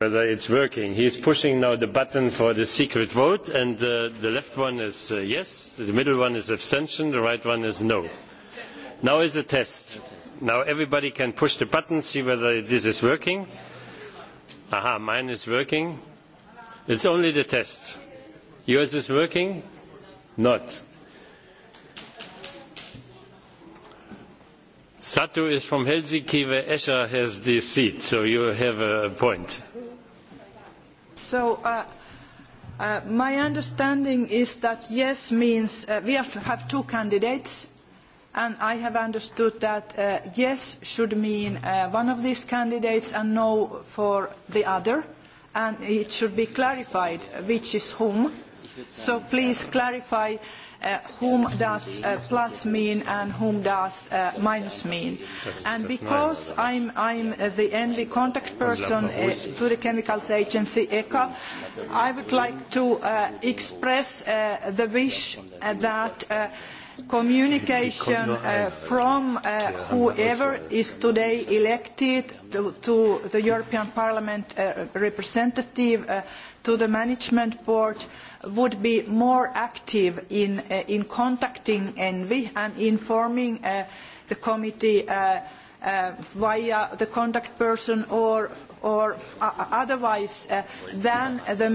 whether it's working. He is pushing now the button for the secret vote, and uh, the left one is uh, yes, the middle one is abstention, the right one is no. Now is a test. Now everybody can push the button, see whether this is working. Aha, mine is working. It's only the test. Yours is working? Not. Satu is from Helsinki, where Escher has the seat, so you have a point So uh, uh, my understanding is that yes means uh, we have two candidates, and I have understood that uh, yes should mean uh, one of these candidates and no for the other, and it should be clarified which is whom. So please clarify. Uh, uh, whom does uh, plus mean and whom does uh, minus mean. And because I'm, I'm the ENVI contact person uh, to the Chemicals Agency, ECHA, I would like to uh, express uh, the wish uh, that uh, communication uh, from uh, whoever is today elected to, to the European Parliament uh, representative uh, to the management board uh, would be more active in, uh, in contacting ENVI and informing uh, the committee uh, via the contact person or or otherwise uh, than the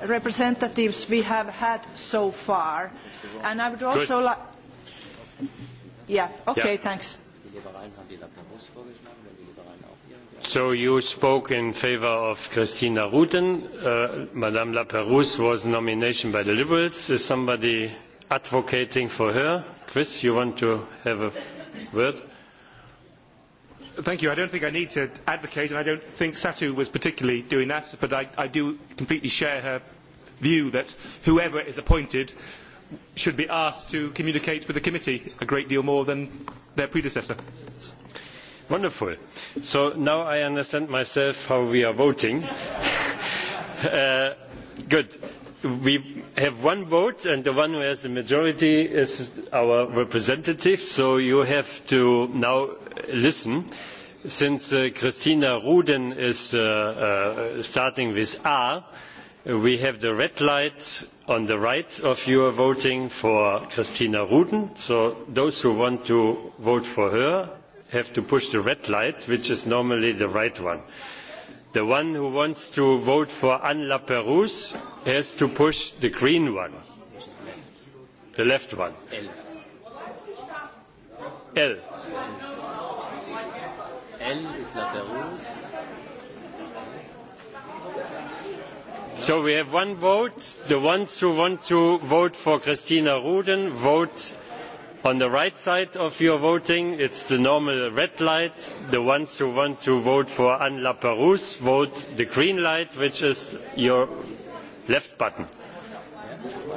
uh, representatives we have had so far. And I would also like... Yeah, okay, yeah. thanks. So you spoke in favour of Christina Ruten. Uh, Madame Laperrouse was nominated by the Liberals. Is somebody advocating for her? Chris, you want to have a word? Thank you. I don't think I need to advocate, and I don't think Satu was particularly doing that, but I, I do completely share her view that whoever is appointed should be asked to communicate with the committee a great deal more than their predecessor wonderful. so now i understand myself how we are voting. Uh, good. we have one vote and the one who has the majority is our representative so you have to now listen. since uh, christina rudin is uh, uh, starting with A, we have the red light on the right of you voting for christina rudin so those who want to vote for her have to push the red light which is normally the right one. the one who wants to vote for anne laperrouze has to push the green one the left one l. l is laperrouze. so we have one vote the ones who want to vote for christina rudin vote on the right side of your voting it is the normal red light the ones who want to vote for anne laperrouze vote the green light which is your left button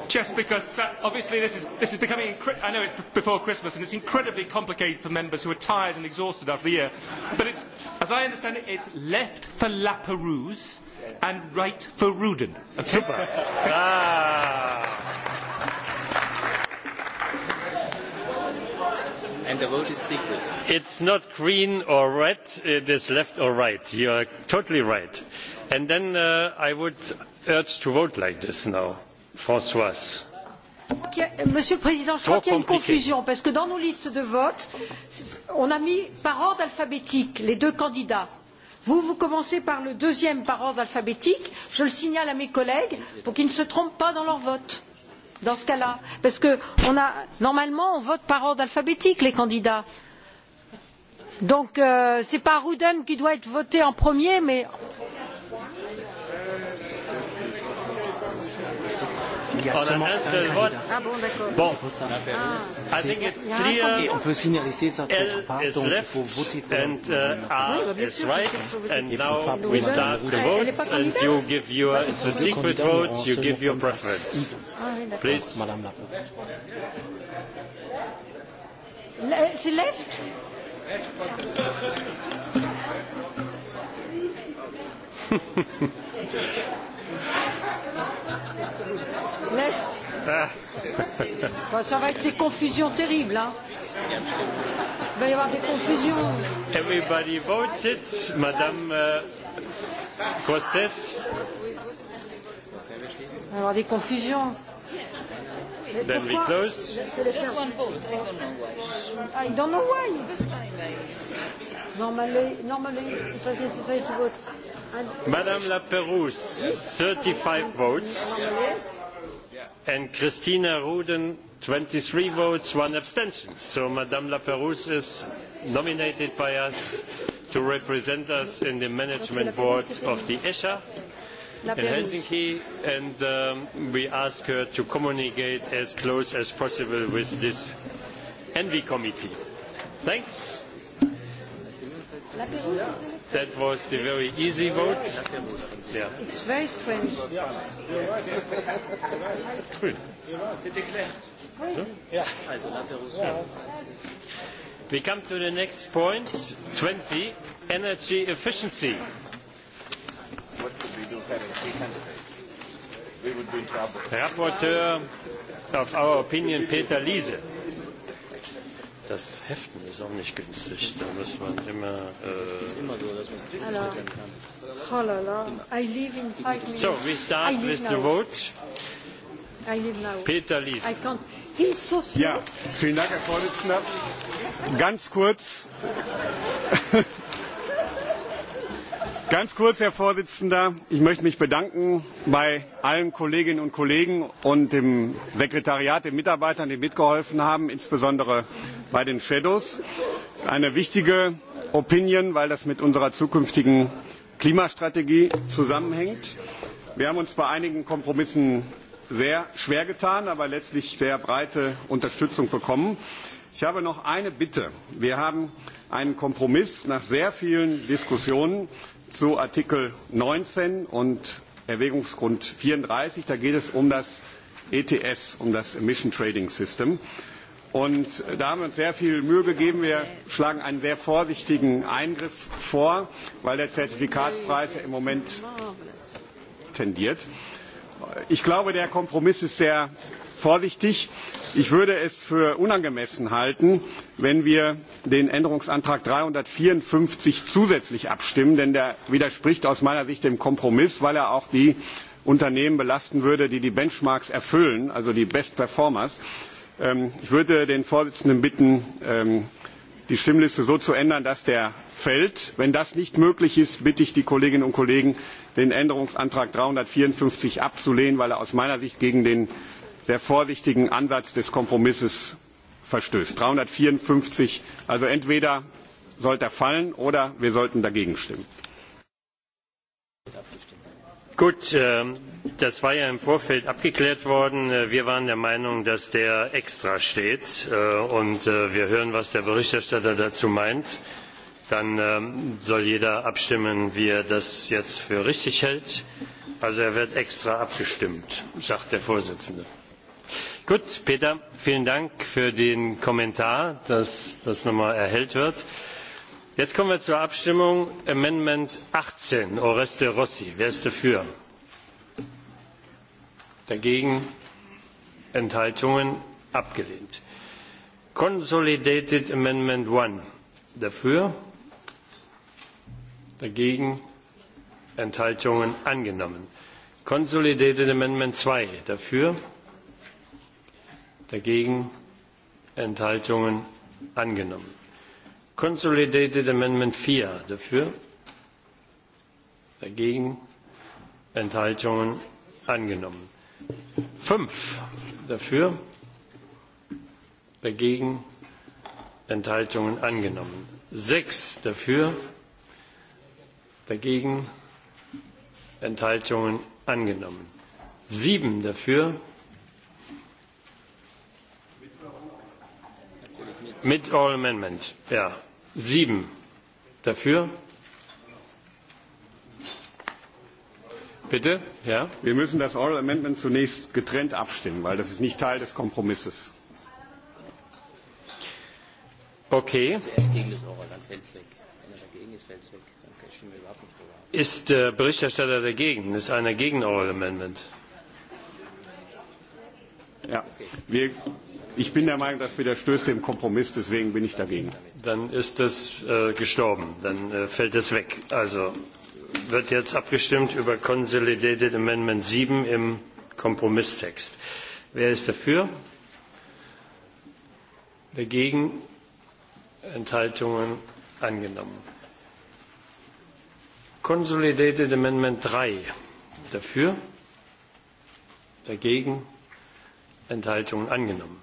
just because uh, obviously this is, this is becoming, I know it's before Christmas and it's incredibly complicated for members who are tired and exhausted after the year, but it's, as I understand it, it's left for laperrouze and right for Rudin. Super. ah. and the vote is secret. It's not green or red, it is left or right. You are totally right. And then uh, I would urge to vote like this now. Françoise. Monsieur le Président, je crois qu'il y a une confusion parce que dans nos listes de vote, on a mis par ordre alphabétique les deux candidats. Vous, vous commencez par le deuxième par ordre alphabétique. Je le signale à mes collègues pour qu'ils ne se trompent pas dans leur vote dans ce cas-là Parce que on a, normalement, on vote par ordre alphabétique les candidats. Donc, euh, ce n'est pas Rouden qui doit être voté en premier, mais Il y a seulement un seul vote. Ah bon, d'accord. Bon. Ah. I think it's clear. Et on peut signaler ça quelque part, donc il faut voter pour and uh, R ah, is right. And now we start the votes and you give your, it's a secret vote, you give your preference. Ah, Please. Madame la C'est left Left. bah, ça va être des confusions terribles. Hein. Il va y avoir des confusions. Everybody voted. Madame euh, Grostet. Il va y avoir des confusions. Then we close. Just one vote. I don't know why. Ah, I don't know Normally, normally it was Madame Laperouse, 35 votes. Normally and Christina twenty 23 votes, one abstention. So Madame laperrouze is nominated by us to represent us in the management board of the esa in Helsinki, and um, we ask her to communicate as close as possible with this envi committee. Thanks. That was the very easy vote. Yeah. It's very strange. Ah, we come to the next point, 20, energy efficiency. What could we do We would be in trouble. Rapporteur of our opinion, Peter Liese das Heften ist auch nicht günstig. Da muss man immer. Äh Halala. I leave in five minutes. So, we start with the vote. I leave now. Peter Lies. I can't. He's so slow. Ja, vielen Dank, Herr Vorsitzender. Ganz kurz. Ganz kurz, Herr Vorsitzender, ich möchte mich bedanken bei allen Kolleginnen und Kollegen und dem Sekretariat, den Mitarbeitern, die mitgeholfen haben, insbesondere bei den Shadows. Das ist eine wichtige Opinion, weil das mit unserer zukünftigen Klimastrategie zusammenhängt. Wir haben uns bei einigen Kompromissen sehr schwer getan, aber letztlich sehr breite Unterstützung bekommen. Ich habe noch eine Bitte. Wir haben einen Kompromiss nach sehr vielen Diskussionen zu Artikel 19 und Erwägungsgrund 34. Da geht es um das ETS, um das Emission Trading System. Und da haben wir uns sehr viel Mühe gegeben. Wir schlagen einen sehr vorsichtigen Eingriff vor, weil der Zertifikatspreis im Moment tendiert. Ich glaube, der Kompromiss ist sehr vorsichtig. Ich würde es für unangemessen halten, wenn wir den Änderungsantrag dreihundertvierundfünfzig zusätzlich abstimmen, denn der widerspricht aus meiner Sicht dem Kompromiss, weil er auch die Unternehmen belasten würde, die die Benchmarks erfüllen, also die Best Performers. Ähm, ich würde den Vorsitzenden bitten, ähm, die Stimmliste so zu ändern, dass der fällt. Wenn das nicht möglich ist, bitte ich die Kolleginnen und Kollegen, den Änderungsantrag dreihundertvierundfünfzig abzulehnen, weil er aus meiner Sicht gegen den der vorsichtigen Ansatz des Kompromisses verstößt. 354, also entweder sollte er fallen oder wir sollten dagegen stimmen. Gut, ähm, das war ja im Vorfeld abgeklärt worden. Äh, wir waren der Meinung, dass der extra steht. Äh, und äh, wir hören, was der Berichterstatter dazu meint. Dann ähm, soll jeder abstimmen, wie er das jetzt für richtig hält. Also er wird extra abgestimmt, sagt der Vorsitzende. Gut, Peter, vielen Dank für den Kommentar, dass das nochmal erhellt wird. Jetzt kommen wir zur Abstimmung. Amendment 18, Oreste Rossi. Wer ist dafür? Dagegen? Enthaltungen? Abgelehnt. Consolidated Amendment 1. Dafür? Dagegen? Enthaltungen? Angenommen. Consolidated Amendment 2. Dafür? Dagegen? dagegen enthaltungen angenommen consolidated amendment 4 dafür dagegen enthaltungen angenommen 5 dafür dagegen enthaltungen angenommen 6 dafür dagegen enthaltungen angenommen 7 dafür mit Oral Amendment. Ja. Sieben dafür. Bitte? Ja. Wir müssen das Oral Amendment zunächst getrennt abstimmen, weil das ist nicht Teil des Kompromisses. Okay. ist, Ist der Berichterstatter dagegen? Ist einer gegen Oral Amendment? Ja. Wir, Ich bin der Meinung, das widerstößt dem Kompromiss, deswegen bin ich dagegen. Dann ist das äh, gestorben, dann äh, fällt es weg. Also wird jetzt abgestimmt über Consolidated Amendment 7 im Kompromisstext. Wer ist dafür? Dagegen? Enthaltungen angenommen. Consolidated Amendment 3. Dafür? Dagegen? Enthaltungen angenommen.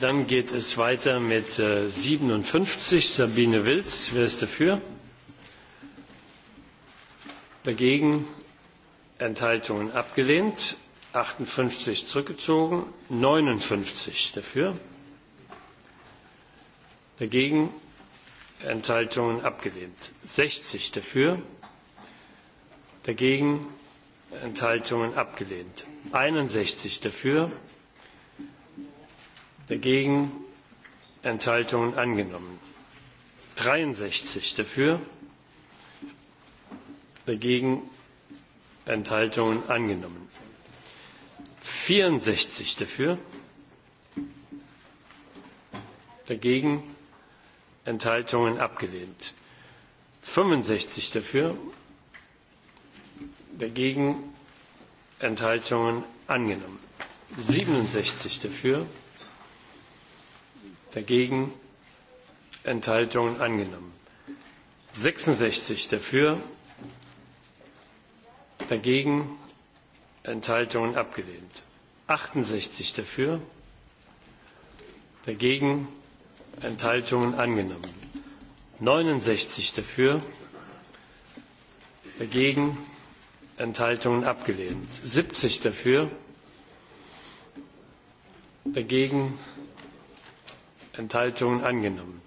Dann geht es weiter mit 57. Äh, Sabine Wilz, wer ist dafür? Dagegen Enthaltungen abgelehnt. 58 zurückgezogen. 59 dafür. Dagegen Enthaltungen abgelehnt. 60 dafür. Dagegen Enthaltungen abgelehnt. 61 dafür. Dagegen Enthaltungen angenommen. 63 dafür. Dagegen Enthaltungen angenommen. 64 dafür. Dagegen Enthaltungen abgelehnt. 65 dafür. Dagegen Enthaltungen angenommen. 67 dafür dagegen, Enthaltungen angenommen. 66 dafür, dagegen, Enthaltungen abgelehnt. 68 dafür, dagegen, Enthaltungen angenommen. 69 dafür, dagegen, Enthaltungen abgelehnt. 70 dafür, dagegen, Enthaltungen angenommen.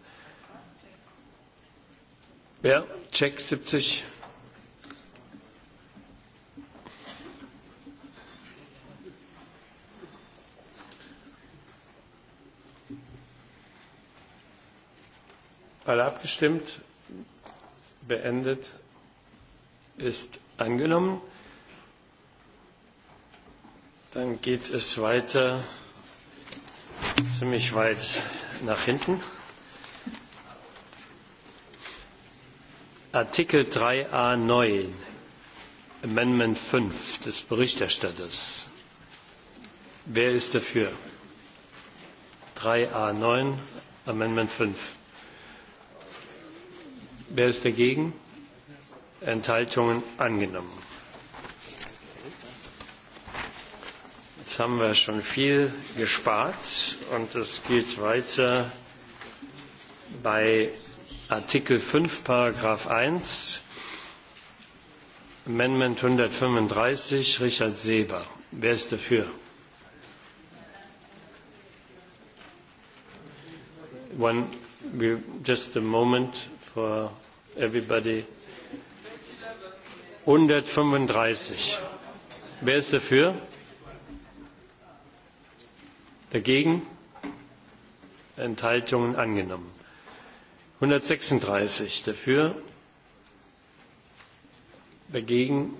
Wer? Check 70. Alle abgestimmt, beendet, ist angenommen. Dann geht es weiter ziemlich weit nach hinten. Artikel 3a 9, Amendment 5 des Berichterstatters. Wer ist dafür? 3a 9, Amendment 5. Wer ist dagegen? Enthaltungen angenommen. Jetzt haben wir schon viel gespart und es geht weiter bei Artikel 5, Paragraph 1, Amendment 135, Richard Seber. Wer ist dafür? One, just a moment for everybody. 135. Wer ist dafür? dagegen enthaltungen angenommen 136 dafür dagegen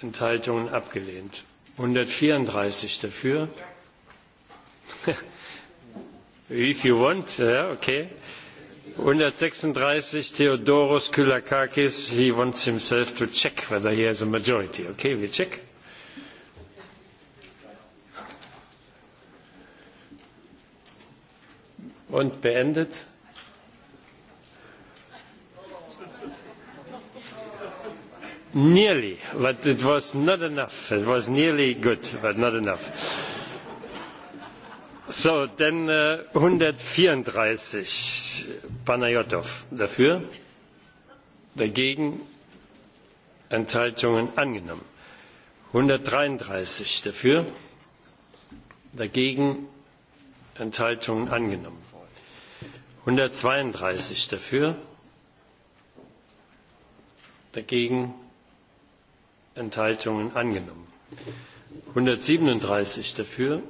enthaltungen abgelehnt 134 dafür if you want yeah, okay 136, theodoros kyriakakis he wants himself to check whether he has a majority okay we check und beendet. Nearly, but it was not enough. It was nearly good, but not enough. So, dann äh, 134 Panayotov dafür, dagegen Enthaltungen angenommen. 133 dafür, dagegen Enthaltungen angenommen einhundertzweiunddreißig dafür dagegen enthaltungen angenommen einhundertsiebenunddreißig dafür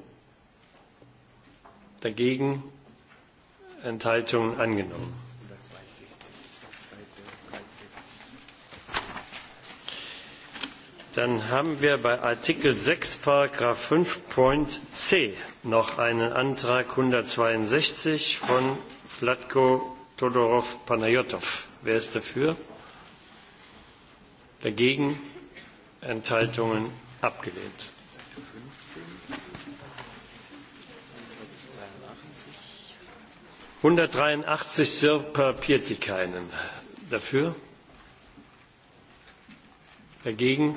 dagegen enthaltungen angenommen Dann haben wir bei Artikel 6, Paragraph 5, Point C noch einen Antrag 162 von Slatko Todorov Panayotov. Wer ist dafür? Dagegen? Enthaltungen abgelehnt. einhundertdreiundachtzig sirpa pietikäinen dafür dagegen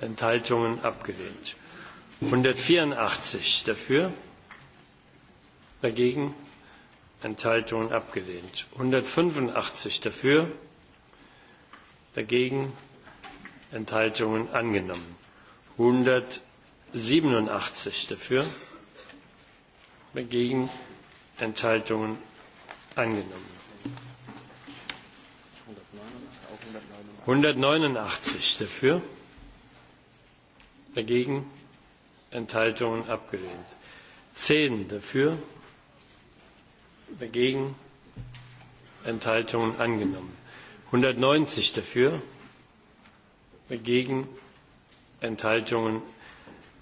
enthaltungen abgelehnt einhundertvierundachtzig dafür dagegen Enthaltungen abgelehnt. 185 dafür, dagegen Enthaltungen angenommen. 187 dafür, dagegen Enthaltungen angenommen. 189 dafür, dagegen Enthaltungen abgelehnt. 10 dafür, dagegen Enthaltungen angenommen. 190 dafür, dagegen Enthaltungen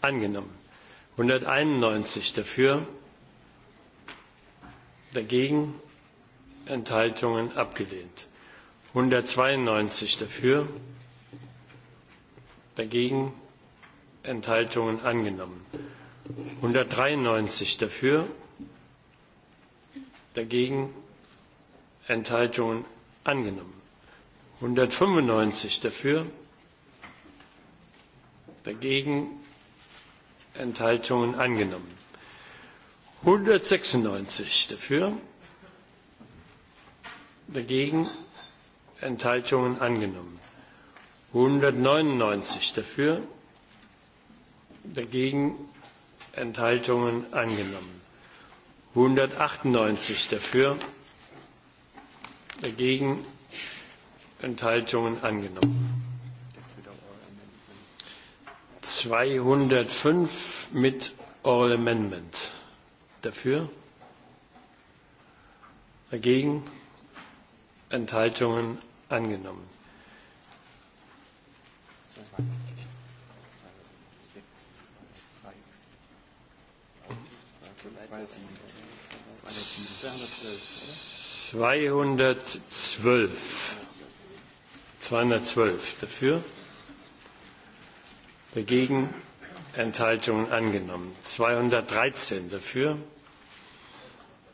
angenommen. 191 dafür, dagegen Enthaltungen abgelehnt. 192 dafür, dagegen Enthaltungen angenommen. 193 dafür, dagegen Enthaltungen angenommen. 195 dafür, dagegen Enthaltungen angenommen. 196 dafür, dagegen Enthaltungen angenommen. 199 dafür, dagegen Enthaltungen angenommen. 198 dafür, dagegen Enthaltungen angenommen. 205 mit Oral Amendment dafür, dagegen Enthaltungen angenommen. 212. 212 dafür. Dagegen Enthaltungen angenommen. 213 dafür.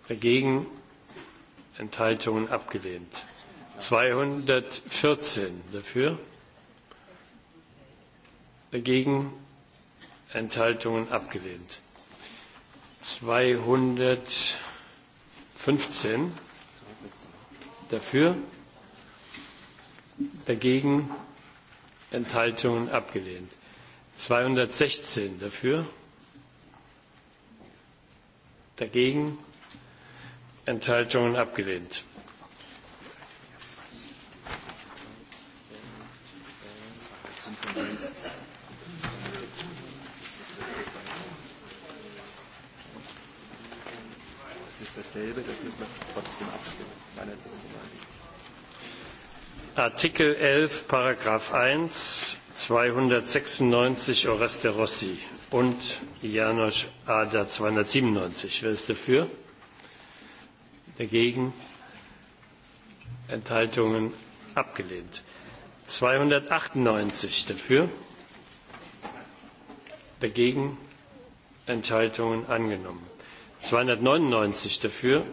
Dagegen Enthaltungen abgelehnt. 214 dafür. Dagegen Enthaltungen abgelehnt. 215 dafür, dagegen Enthaltungen abgelehnt. 216 dafür, dagegen Enthaltungen abgelehnt. dasselbe, das müssen wir trotzdem abstimmen. Artikel 11, Paragraph 1, 296 Oreste Rossi und Janosch Ader 297. Wer ist dafür? Dagegen? Enthaltungen abgelehnt. 298 dafür. Dagegen? Enthaltungen angenommen zweihundertneunundneunzig dafür,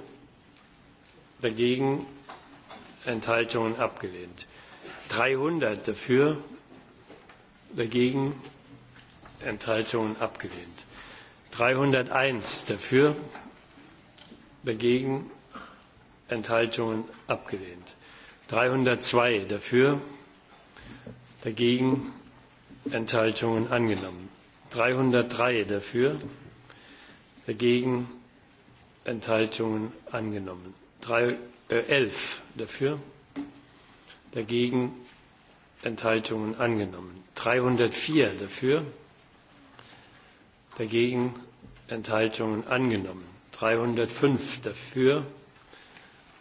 dagegen Enthaltungen abgelehnt. dreihundert dafür, dagegen Enthaltungen abgelehnt. dreihunderteins dafür, dagegen Enthaltungen abgelehnt. dreihundertzwei dafür, dagegen Enthaltungen angenommen. dreihundertdrei dafür, dagegen Enthaltungen angenommen. 3, äh, dafür, dagegen Enthaltungen angenommen. 304 dafür, dagegen Enthaltungen angenommen. 305 dafür,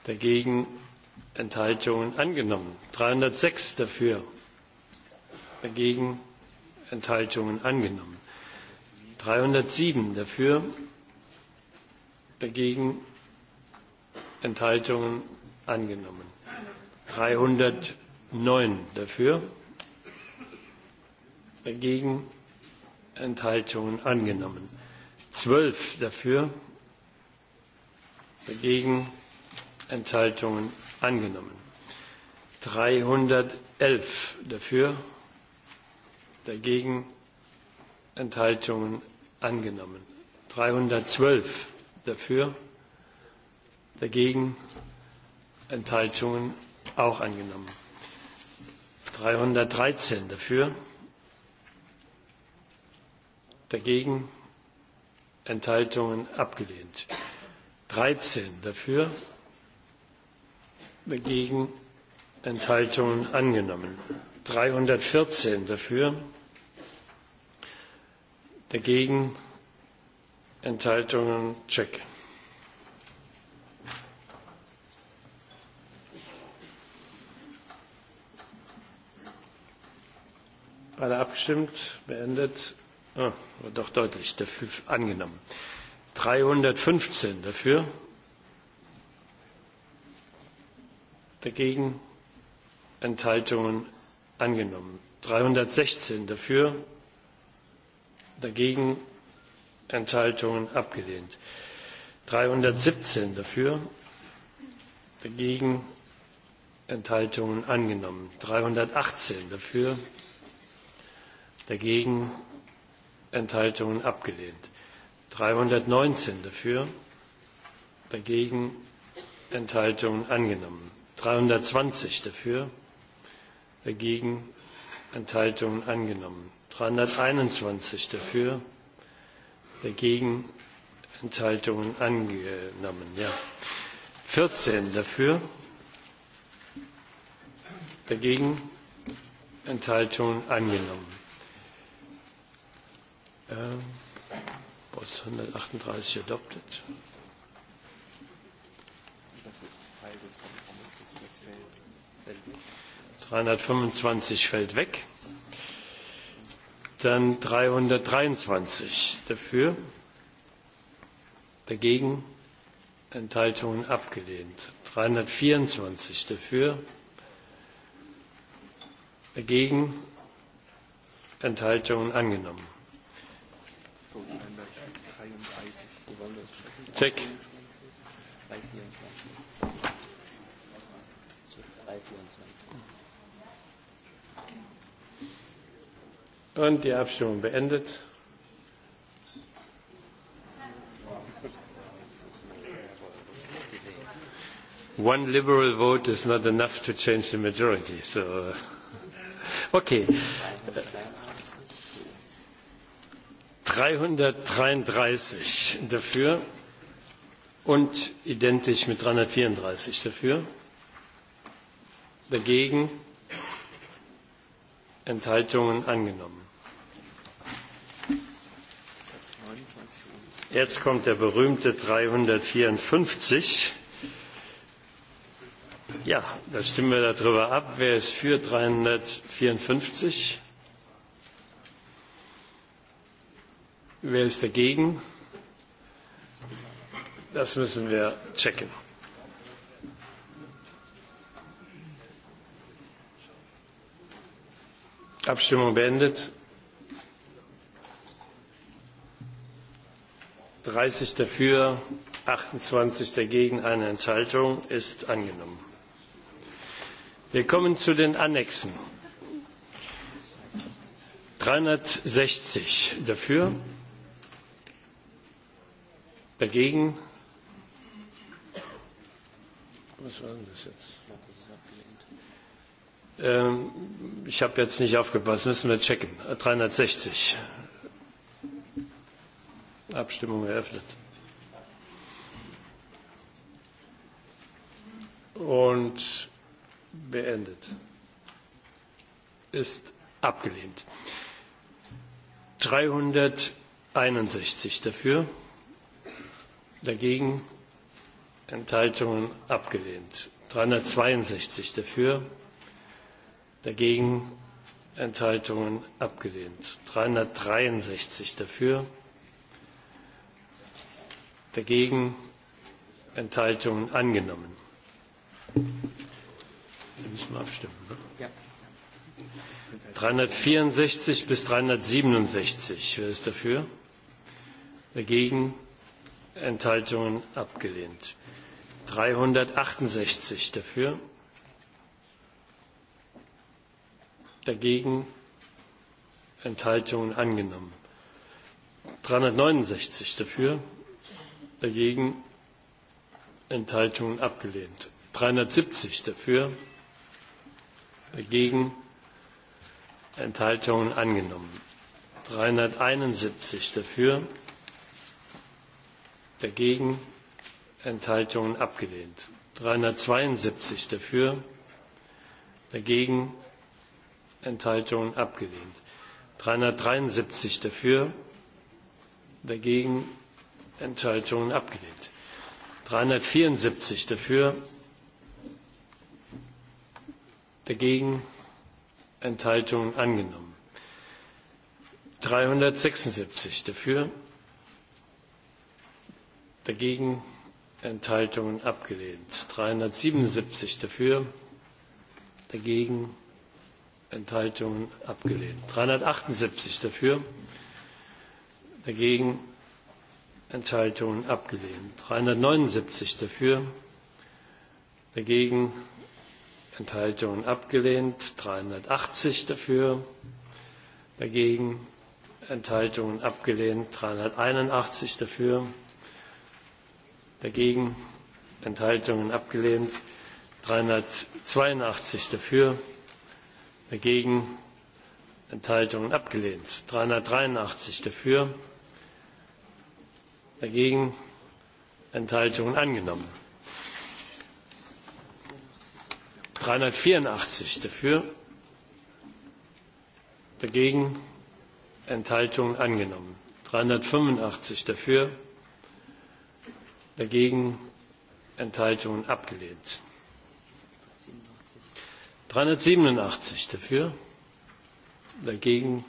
dagegen Enthaltungen angenommen. 306 dafür, dagegen Enthaltungen angenommen. 307 dafür, Dagegen Enthaltungen angenommen. 309 dafür. Dagegen Enthaltungen angenommen. 12 dafür. Dagegen Enthaltungen angenommen. 311 dafür. Dagegen Enthaltungen angenommen. 312 dafür, dagegen, Enthaltungen auch angenommen. 313 dafür, dagegen, Enthaltungen abgelehnt. 13 dafür, dagegen, Enthaltungen angenommen. 314 dafür, dagegen, Enthaltungen Enthaltungen check. Alle abgestimmt, beendet. Ah, war doch deutlich dafür angenommen. 315 dafür. Dagegen Enthaltungen angenommen. 316 dafür. Dagegen Enthaltungen abgelehnt. 317 dafür, dagegen Enthaltungen angenommen. 318 dafür, dagegen Enthaltungen abgelehnt. 319 dafür, dagegen Enthaltungen angenommen. 320 dafür, dagegen Enthaltungen angenommen. 321 dafür, dagegen Enthaltungen angenommen. Ja. 14 dafür, dagegen Enthaltungen angenommen. Ähm, was 138 adopted? Das ist Teil des 325 fällt weg. Dann 323 dafür, dagegen Enthaltungen abgelehnt. 324 dafür, dagegen Enthaltungen angenommen. Check. Und die Abstimmung beendet. One liberal vote is not enough to change the majority. So, uh, okay. 333 dafür und identisch mit 334 dafür. Dagegen Enthaltungen angenommen. Jetzt kommt der berühmte 354. Ja, da stimmen wir darüber ab. Wer ist für 354? Wer ist dagegen? Das müssen wir checken. Abstimmung beendet. dreißig dafür achtundzwanzig dagegen eine enthaltung ist angenommen. wir kommen zu den annexen dreihundertsechzig dafür dagegen was war denn das jetzt? Ähm, ich habe jetzt nicht aufgepasst, müssen wir checken. 360. Abstimmung eröffnet. Und beendet. Ist abgelehnt. 361 dafür, dagegen Enthaltungen abgelehnt. 362 dafür, dagegen Enthaltungen abgelehnt. 363 dafür, dagegen Enthaltungen angenommen. Wir da müssen wir abstimmen. Ne? Ja. 364 bis 367. Wer ist dafür? Dagegen Enthaltungen abgelehnt. 368 dafür. Dagegen Enthaltungen angenommen. 369 dafür dagegen Enthaltungen abgelehnt. 370 dafür, dagegen Enthaltungen angenommen. 371 dafür, dagegen Enthaltungen abgelehnt. 372 dafür, dagegen Enthaltungen abgelehnt. 373 dafür, dagegen Enthaltungen abgelehnt. 374 dafür, dagegen Enthaltungen angenommen. 376 dafür, dagegen Enthaltungen abgelehnt. 377 dafür, dagegen Enthaltungen abgelehnt. 378 dafür, dagegen Enthaltungen abgelehnt. 379 dafür, dagegen Enthaltungen abgelehnt. 380 dafür, dagegen Enthaltungen abgelehnt. 381 dafür, dagegen Enthaltungen abgelehnt. 382 dafür, dagegen Enthaltungen abgelehnt. 383 dafür, dagegen Enthaltungen angenommen. 384 dafür, dagegen Enthaltungen angenommen. 385 dafür, dagegen Enthaltungen abgelehnt. 387 dafür, dagegen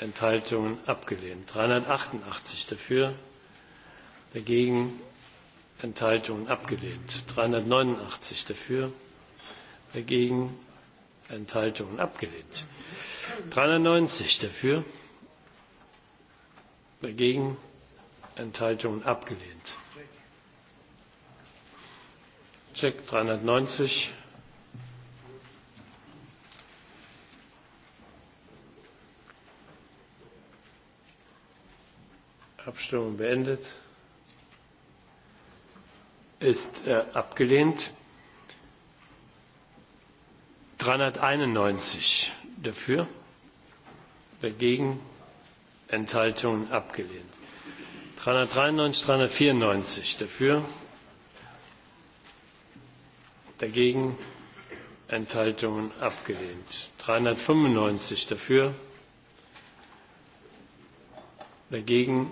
Enthaltungen abgelehnt. 388 dafür, dagegen Enthaltungen abgelehnt. 389 dafür, dagegen Enthaltungen abgelehnt. 390 dafür, dagegen Enthaltungen abgelehnt. Check 390. Abstimmung beendet ist äh, abgelehnt. 391 dafür, dagegen Enthaltungen abgelehnt. 393, 394 dafür, dagegen Enthaltungen abgelehnt. 395 dafür, dagegen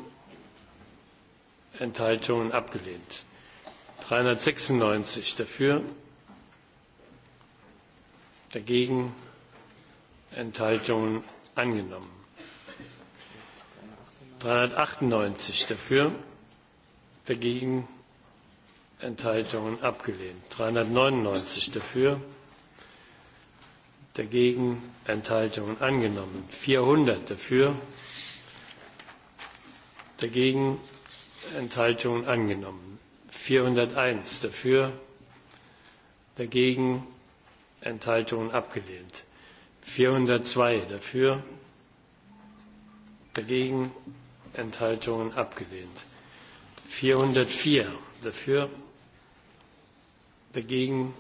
Enthaltungen abgelehnt dreihundertsechsundneunzig dafür dagegen enthaltungen angenommen dreihundertachtundneunzig dafür dagegen enthaltungen abgelehnt dreihundertneunundneunzig dafür dagegen enthaltungen angenommen vierhundert dafür dagegen enthaltungen angenommen 401, dafür dagegen enthaltungen abgelehnt 402, dafür dagegen enthaltungen abgelehnt 404, dafür dagegen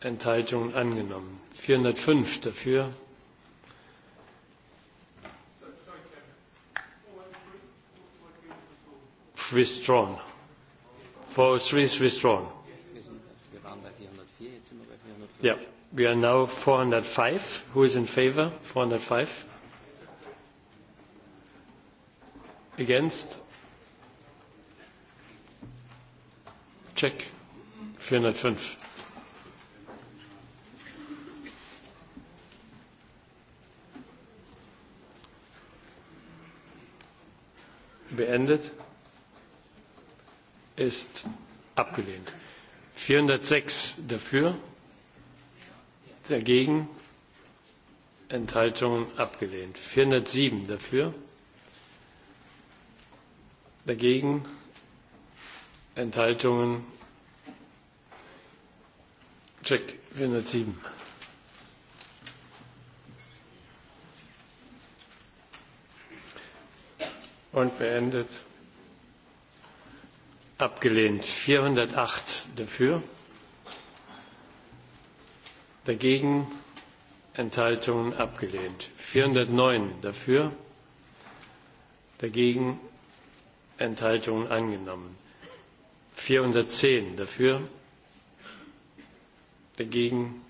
enthaltungen angenommen 405, dafür withdrawn votes is withdrawn. Yeah, we are now 405. Who is in favor? 405. Against? Check. 405. Beendet ist abgelehnt. 406 dafür, dagegen, Enthaltungen abgelehnt. 407 dafür, dagegen, Enthaltungen. Check 407. Und beendet abgelehnt. 408 dafür. Dagegen Enthaltungen abgelehnt. 409 dafür. Dagegen Enthaltungen angenommen. 410 dafür. Dagegen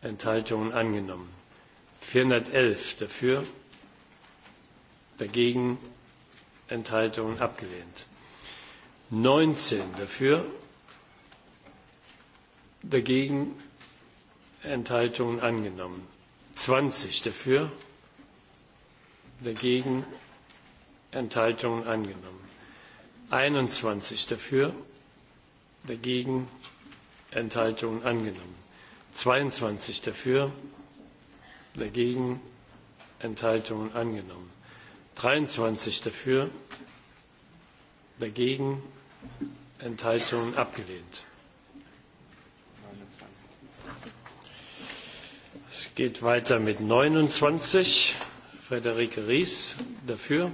Enthaltungen angenommen. 411 dafür. Dagegen Enthaltungen abgelehnt. 19 dafür, dagegen Enthaltungen angenommen. 20 dafür, dagegen Enthaltungen angenommen. 21 dafür, dagegen Enthaltungen angenommen. 22 dafür, dagegen Enthaltungen angenommen. 23 dafür, dagegen Enthaltungen abgelehnt. Es geht weiter mit 29. Frederike Ries dafür.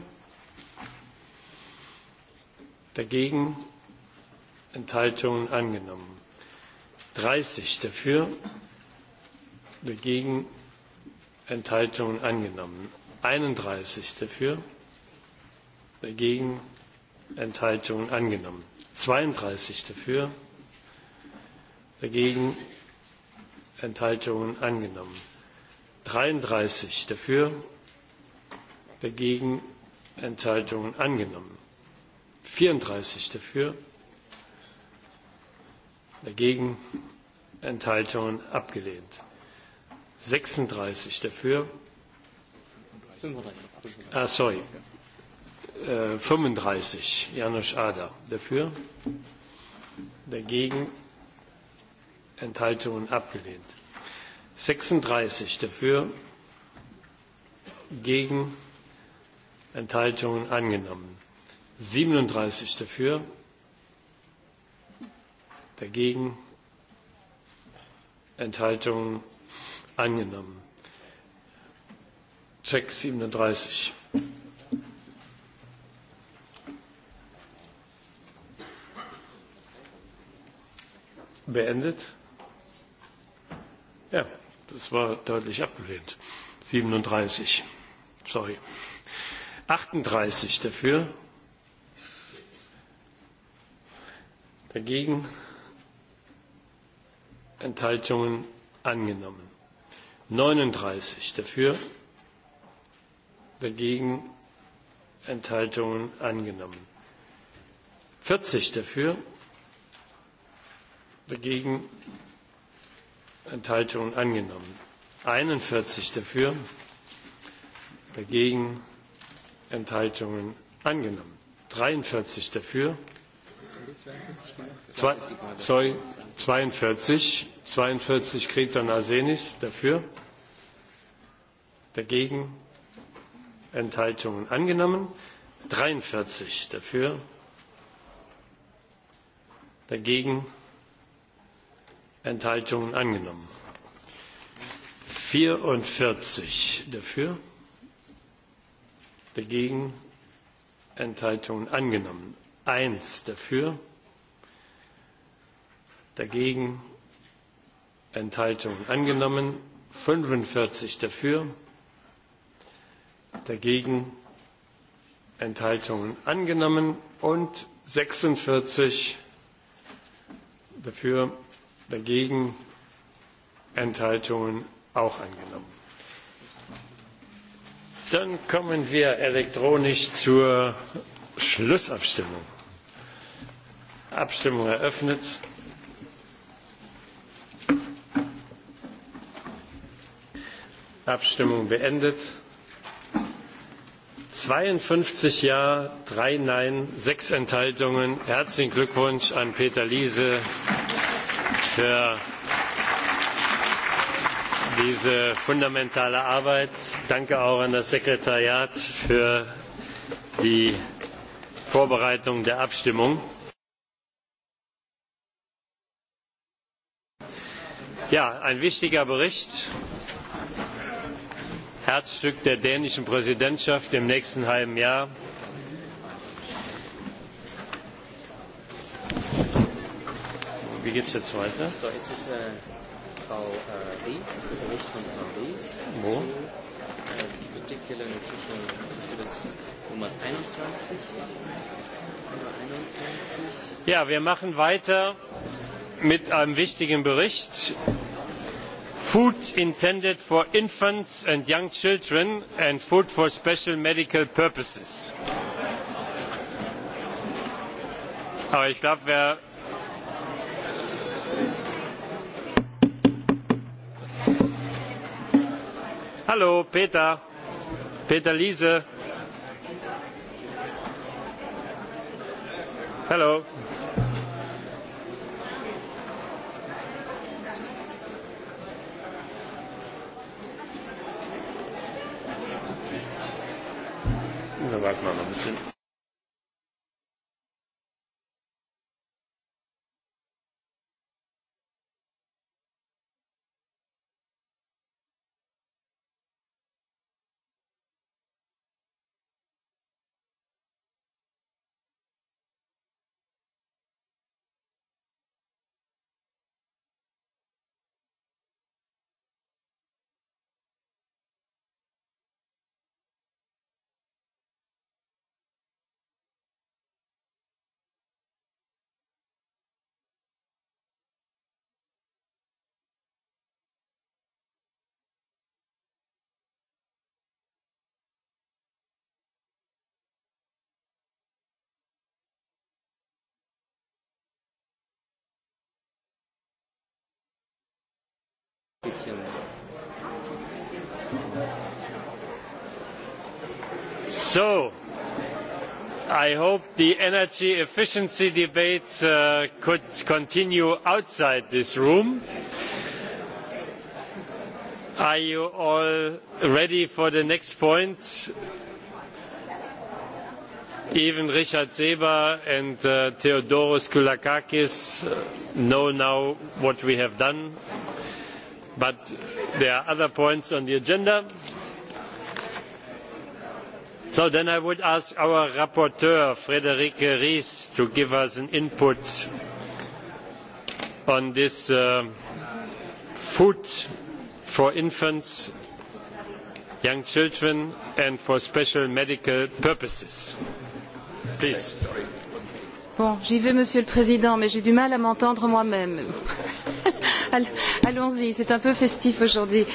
Dagegen Enthaltungen angenommen. 30 dafür. Dagegen Enthaltungen angenommen. 31 dafür. Dagegen Enthaltungen angenommen. 32 dafür, dagegen Enthaltungen angenommen. 33 dafür, dagegen Enthaltungen angenommen. 34 dafür, dagegen Enthaltungen abgelehnt. 36 dafür. Ah, sorry äh, 35, Janusz Ada. Dafür? Dagegen? Enthaltungen abgelehnt. 36 dafür, gegen Enthaltungen angenommen. 37 dafür, dagegen Enthaltungen angenommen. Check 37. beendet. Ja, das war deutlich abgelehnt. 37, sorry. 38 dafür. Dagegen Enthaltungen angenommen. 39 dafür. Dagegen Enthaltungen angenommen. 40 dafür dagegen Enthaltungen angenommen. 41 dafür, dagegen Enthaltungen angenommen. 43 dafür, Zwei, sorry, 42, 42 Kreton Arsenis dafür, dagegen Enthaltungen angenommen, 43 dafür, dagegen Enthaltungen Enthaltungen angenommen. 44 dafür, dagegen Enthaltungen angenommen. 1 dafür, dagegen Enthaltungen angenommen. 45 dafür, dagegen Enthaltungen angenommen und 46 dafür, dagegen, Enthaltungen auch angenommen. Dann kommen wir elektronisch zur Schlussabstimmung. Abstimmung eröffnet. Abstimmung beendet. 52 Ja, 3 Nein, 6 Enthaltungen. Herzlichen Glückwunsch an Peter Liese für diese fundamentale Arbeit. Danke auch an das Sekretariat für die Vorbereitung der Abstimmung. Ja, ein wichtiger Bericht. Herzstück der dänischen Präsidentschaft im nächsten halben Jahr Wie geht's jetzt weiter? So, jetzt ist äh, Frau äh, Ries, Bericht von Frau Ries. Wo? Zu, äh, Particular Nutrition Fitness Nummer 21. Nummer 21. Ja, wir machen weiter mit einem wichtigen Bericht. Food intended for infants and young children and food for special medical purposes. Aber ich glaube, wer Hallo, Peter. Peter Liese. Hallo. Da warten wir noch ein bisschen. insieme. So, I hope the energy efficiency debate uh, could continue outside this room. Are you all ready for the next point? even richard Seber and uh, theodoros koulakakis uh, know now what we have done but there are other points on the agenda. So then I would ask our rapporteur, frdrique Ries, to give us an input on this uh, food for infants, young children and for special medical purposes. Please. Sorry. Bon, j'y vais, Monsieur le Président, mais j'ai du mal à m'entendre moi-même. Allons-y, c'est un peu festif aujourd'hui.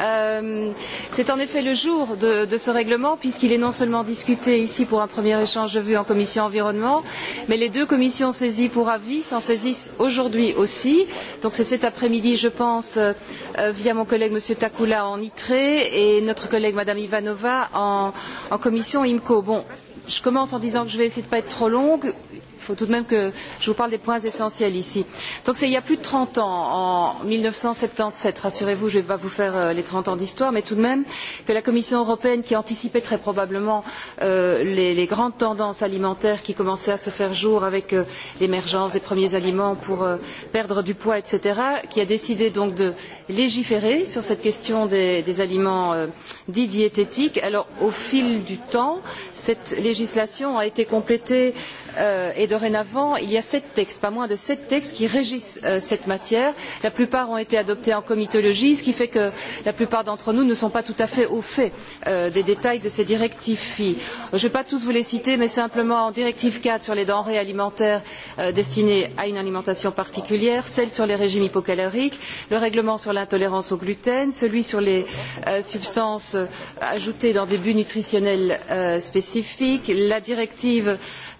Euh, c'est en effet le jour de, de ce règlement, puisqu'il est non seulement discuté ici pour un premier échange de vues en commission environnement, mais les deux commissions saisies pour avis s'en saisissent aujourd'hui aussi. Donc c'est cet après-midi, je pense, euh, via mon collègue M. Takula en ITRE et notre collègue Mme Ivanova en, en commission IMCO. Bon, je commence en disant que je vais essayer de ne pas être trop longue faut tout de même que je vous parle des points essentiels ici. Donc c'est il y a plus de 30 ans, en 1977, rassurez-vous, je ne vais pas vous faire euh, les 30 ans d'histoire, mais tout de même que la Commission européenne, qui anticipait très probablement euh, les, les grandes tendances alimentaires qui commençaient à se faire jour avec euh, l'émergence des premiers aliments pour euh, perdre du poids, etc., qui a décidé donc de légiférer sur cette question des, des aliments euh, didiététique. Alors, au fil du temps, cette législation a été complétée euh, et dorénavant, il y a sept textes, pas moins de sept textes qui régissent euh, cette matière. La plupart ont été adoptés en comitologie, ce qui fait que la plupart d'entre nous ne sont pas tout à fait au fait euh, des détails de ces directives FI. Je ne vais pas tous vous les citer, mais simplement en directive 4 sur les denrées alimentaires euh, destinées à une alimentation particulière, celle sur les régimes hypocaloriques, le règlement sur l'intolérance au gluten, celui sur les euh, substances ajoutées dans des buts nutritionnels euh, spécifiques, la directive euh,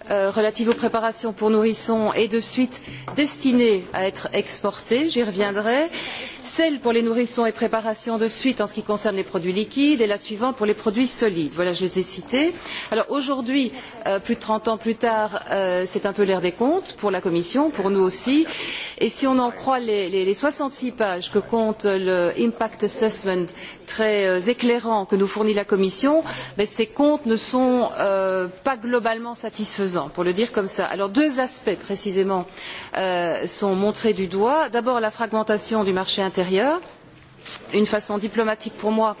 Euh, relative aux préparations pour nourrissons et de suite destinées à être exportées, j'y reviendrai celle pour les nourrissons et préparations de suite en ce qui concerne les produits liquides et la suivante pour les produits solides voilà je les ai citées. aujourd'hui euh, plus de trente ans plus tard euh, c'est un peu l'ère des comptes pour la commission pour nous aussi et si on en croit les soixante six pages que compte le impact assessment très éclairant que nous fournit la commission ces comptes ne sont pas globalement satisfaisants satisfaisant, pour le dire comme cela. Alors deux aspects précisément euh, sont montrés du doigt. D'abord la fragmentation du marché intérieur une façon diplomatique pour moi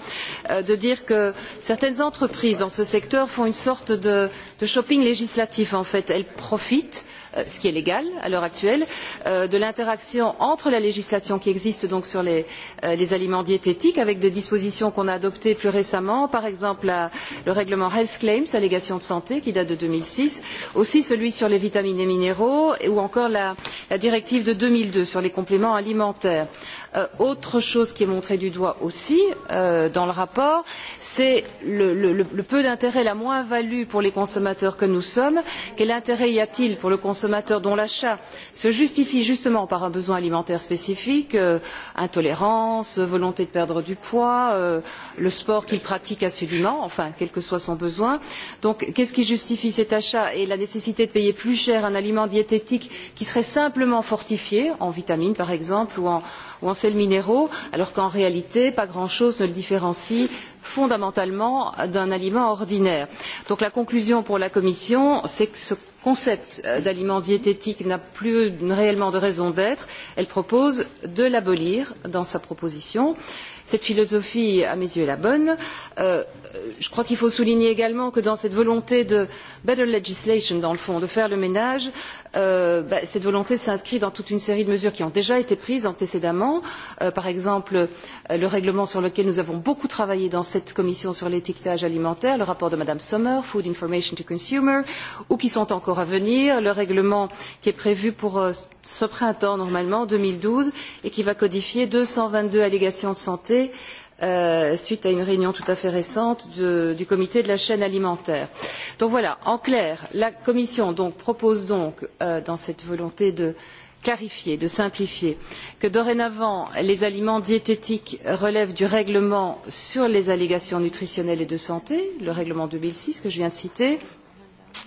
euh, de dire que certaines entreprises dans ce secteur font une sorte de, de shopping législatif en fait. Elles profitent euh, Euh, ce qui est légal à l'heure actuelle, euh, de l'interaction entre la législation qui existe donc sur les, euh, les aliments diététiques avec des dispositions qu'on a adoptées plus récemment, par exemple la, le règlement Health Claims, allégation de santé, qui date de 2006, aussi celui sur les vitamines et minéraux, ou encore la, la directive de 2002 sur les compléments alimentaires. Euh, autre chose qui est montrée du doigt aussi euh, dans le rapport, c'est le, le, le peu d'intérêt, la moins-value pour les consommateurs que nous sommes. Quel intérêt y a-t-il pour le consommateur consommateurs dont l'achat se justifie justement par un besoin alimentaire spécifique euh, intolérance volonté de perdre du poids euh, le sport qu'il pratique assidûment enfin quel que soit son besoin donc qu'est ce qui justifie cet achat et la nécessité de payer plus cher un aliment diététique qui serait simplement fortifié en vitamines par exemple ou en, ou en sels minéraux alors qu'en réalité pas grand chose ne le différencie fondamentalement d'un aliment ordinaire. donc la conclusion pour la commission c'est que ce concept euh, d'aliment diététique n'a plus réellement de raison d'être, elle propose de l'abolir dans sa proposition. Cette philosophie, à mes yeux, est la bonne. Euh, je crois qu'il faut souligner également que dans cette volonté de better legislation, dans le fond, de faire le ménage, euh, bah, cette volonté s'inscrit dans toute une série de mesures qui ont déjà été prises antécédemment. Euh, par exemple, euh, le règlement sur lequel nous avons beaucoup travaillé dans cette commission sur l'étiquetage alimentaire, le rapport de Madame Sommer, Food Information to Consumer, ou qui sont encore à venir, le règlement qui est prévu pour euh, ce printemps normalement 2012 et qui va codifier 222 allégations de santé euh, Euh, suite à une réunion tout à fait récente de, du comité de la chaîne alimentaire. Donc voilà, en clair, la Commission donc, propose donc, euh, dans cette volonté de clarifier, de simplifier, que dorénavant les aliments diététiques relèvent du règlement sur les allégations nutritionnelles et de santé, le règlement 2006 que je viens de citer,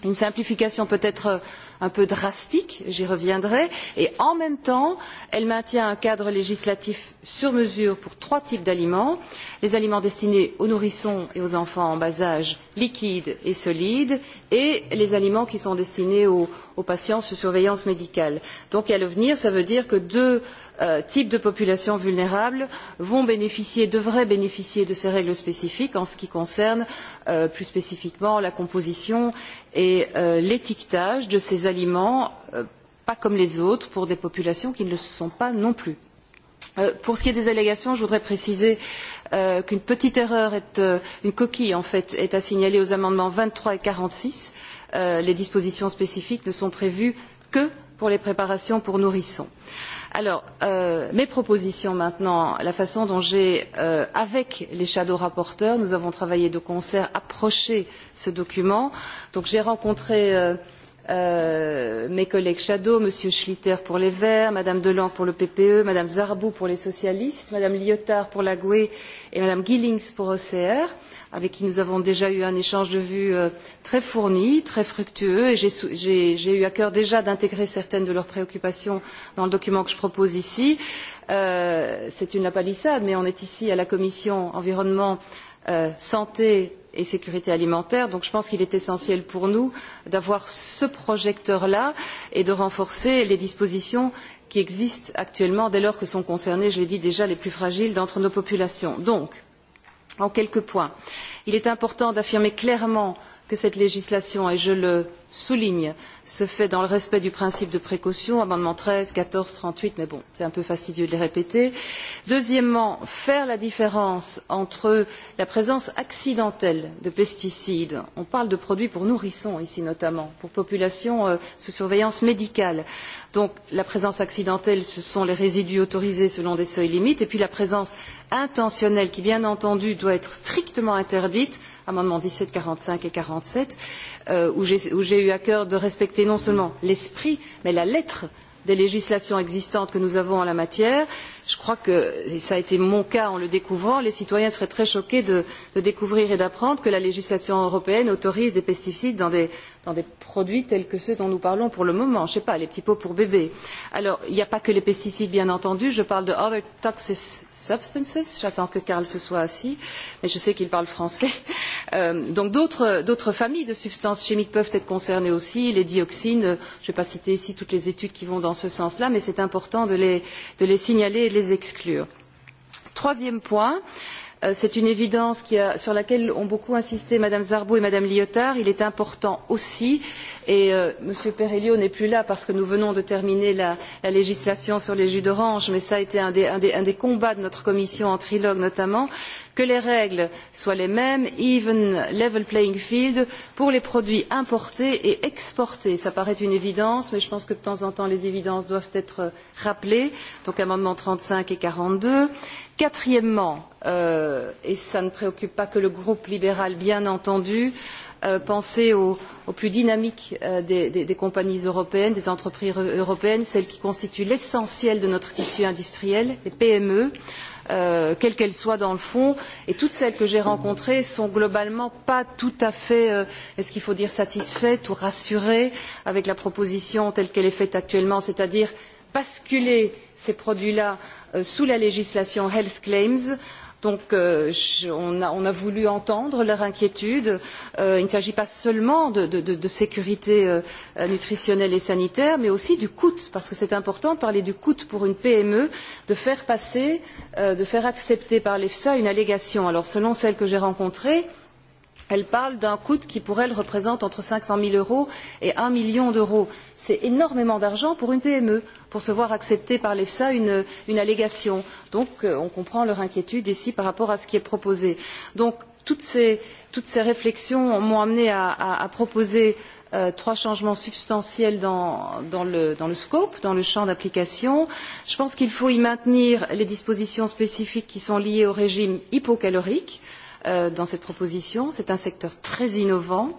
une simplification peut être euh, un peu drastique j'y reviendrai et en même temps elle maintient un cadre législatif sur mesure pour trois types d'aliments les aliments destinés aux nourrissons et aux enfants en bas âge liquides et solides et les aliments qui sont destinés aux, aux patients sous surveillance médicale. donc à l'avenir cela veut dire que deux Euh, types de populations vulnérables vont bénéficier, devraient bénéficier de ces règles spécifiques en ce qui concerne euh, plus spécifiquement la composition et euh, l'étiquetage de ces aliments, pas comme les autres, pour des populations qui ne le sont pas non plus. Pour ce qui est des allégations, je voudrais préciser qu'une petite erreur, est, une coquille en fait, est à signaler aux amendements vingt trois et quarante six les dispositions spécifiques ne sont prévues que pour les préparations pour nourrissons. Alors, euh, mes propositions maintenant, la façon dont j'ai, euh, avec les shadow rapporteurs, nous avons travaillé de concert, approché ce document. Donc j'ai rencontré euh, Euh, mes collègues shadow, M. Schlitter pour les Verts, Mme Delan pour le PPE, Mme Zarbou pour les socialistes, Mme Lyotard pour la GUE et Mme Gillings pour OCR, avec qui nous avons déjà eu un échange de vues euh, très fourni, très fructueux, et j'ai eu à cœur déjà d'intégrer certaines de leurs préoccupations dans le document que je propose ici. Euh, C'est une lapalissade, mais on est ici à la commission environnement, euh, santé et sécurité alimentaire. Donc je pense qu'il est essentiel pour nous d'avoir ce projecteur-là et de renforcer les dispositions qui existent actuellement dès lors que sont concernés, je l'ai dit déjà, les plus fragiles d'entre nos populations. Donc, en quelques points, il est important d'affirmer clairement que cette législation, et je le souligne, se fait dans le respect du principe de précaution, amendements treize quatorze trente huit mais bon, c'est un peu fastidieux de les répéter. Deuxièmement, faire la différence entre la présence accidentelle de pesticides, on parle de produits pour nourrissons ici notamment, pour populations euh, sous surveillance médicale. Donc la présence accidentelle, ce sont les résidus autorisés selon des seuils limites, et puis la présence intentionnelle qui, bien entendu, doit être strictement interdite, amendements dix sept quarante cinq et 47, euh, où j'ai eu à cœur de respecter respecter non seulement l'esprit mais la lettre des législations existantes que nous avons en la matière je crois que, et ça a été mon cas en le découvrant, les citoyens seraient très choqués de, de découvrir et d'apprendre que la législation européenne autorise des pesticides dans des, dans des produits tels que ceux dont nous parlons pour le moment, je ne sais pas, les petits pots pour bébés. Alors, il n'y a pas que les pesticides, bien entendu, je parle de other toxic substances, j'attends que Karl se soit assis, mais je sais qu'il parle français. Euh, donc d'autres familles de substances chimiques peuvent être concernées aussi, les dioxines, je ne vais pas citer ici toutes les études qui vont dans ce sens-là, mais c'est important de les, de les signaler et les exclure. troisième point euh, c'est une évidence qui a, sur laquelle ont beaucoup insisté mme zarbo et mme liotard il est important aussi et euh, m. perello n'est plus là parce que nous venons de terminer la, la législation sur les jus d'orange mais cela a été un des, un, des, un des combats de notre commission en trilogue notamment que les règles soient les mêmes even level playing field pour les produits importés et exportés. cela paraît une évidence mais je pense que de temps en temps les évidences doivent être rappelées donc amendements trente cinq et quarante deux quatrièmement euh, et cela ne préoccupe pas que le groupe libéral bien entendu euh, penser aux, aux plus dynamiques euh, des, des, des compagnies européennes des entreprises européennes celles qui constituent l'essentiel de notre tissu industriel les pme euh, quelles qu'elles soient dans le fond. Et toutes celles que j'ai rencontrées sont globalement pas tout à fait, euh, est-ce qu'il faut dire, satisfaites ou rassurées avec la proposition telle qu'elle est faite actuellement, c'est-à-dire basculer ces produits-là euh, sous la législation Health Claims Donc euh, je, on, a, on a voulu entendre leur inquiétude. Euh, il ne s'agit pas seulement de, de, de, sécurité euh, nutritionnelle et sanitaire, mais aussi du coût, parce que c'est important de parler du coût pour une PME, de faire passer, euh, de faire accepter par l'EFSA une allégation. Alors selon celle que j'ai rencontrée, euh, elle parle d'un coût qui pour elle représente entre cinq cents zéro euros et un million d'euros. c'est énormément d'argent pour une pme pour se voir accepter par l'efsa une, une allégation. donc euh, on comprend leur inquiétude ici par rapport à ce qui est proposé. donc toutes ces, toutes ces réflexions m'ont amenée à, à, à proposer euh, trois changements substantiels dans, dans, le, dans le scope, dans le champ d'application. Je pense qu'il faut y maintenir les dispositions spécifiques qui sont liées au régime hypocalorique. Euh, Euh, dans cette proposition. C'est un secteur très innovant.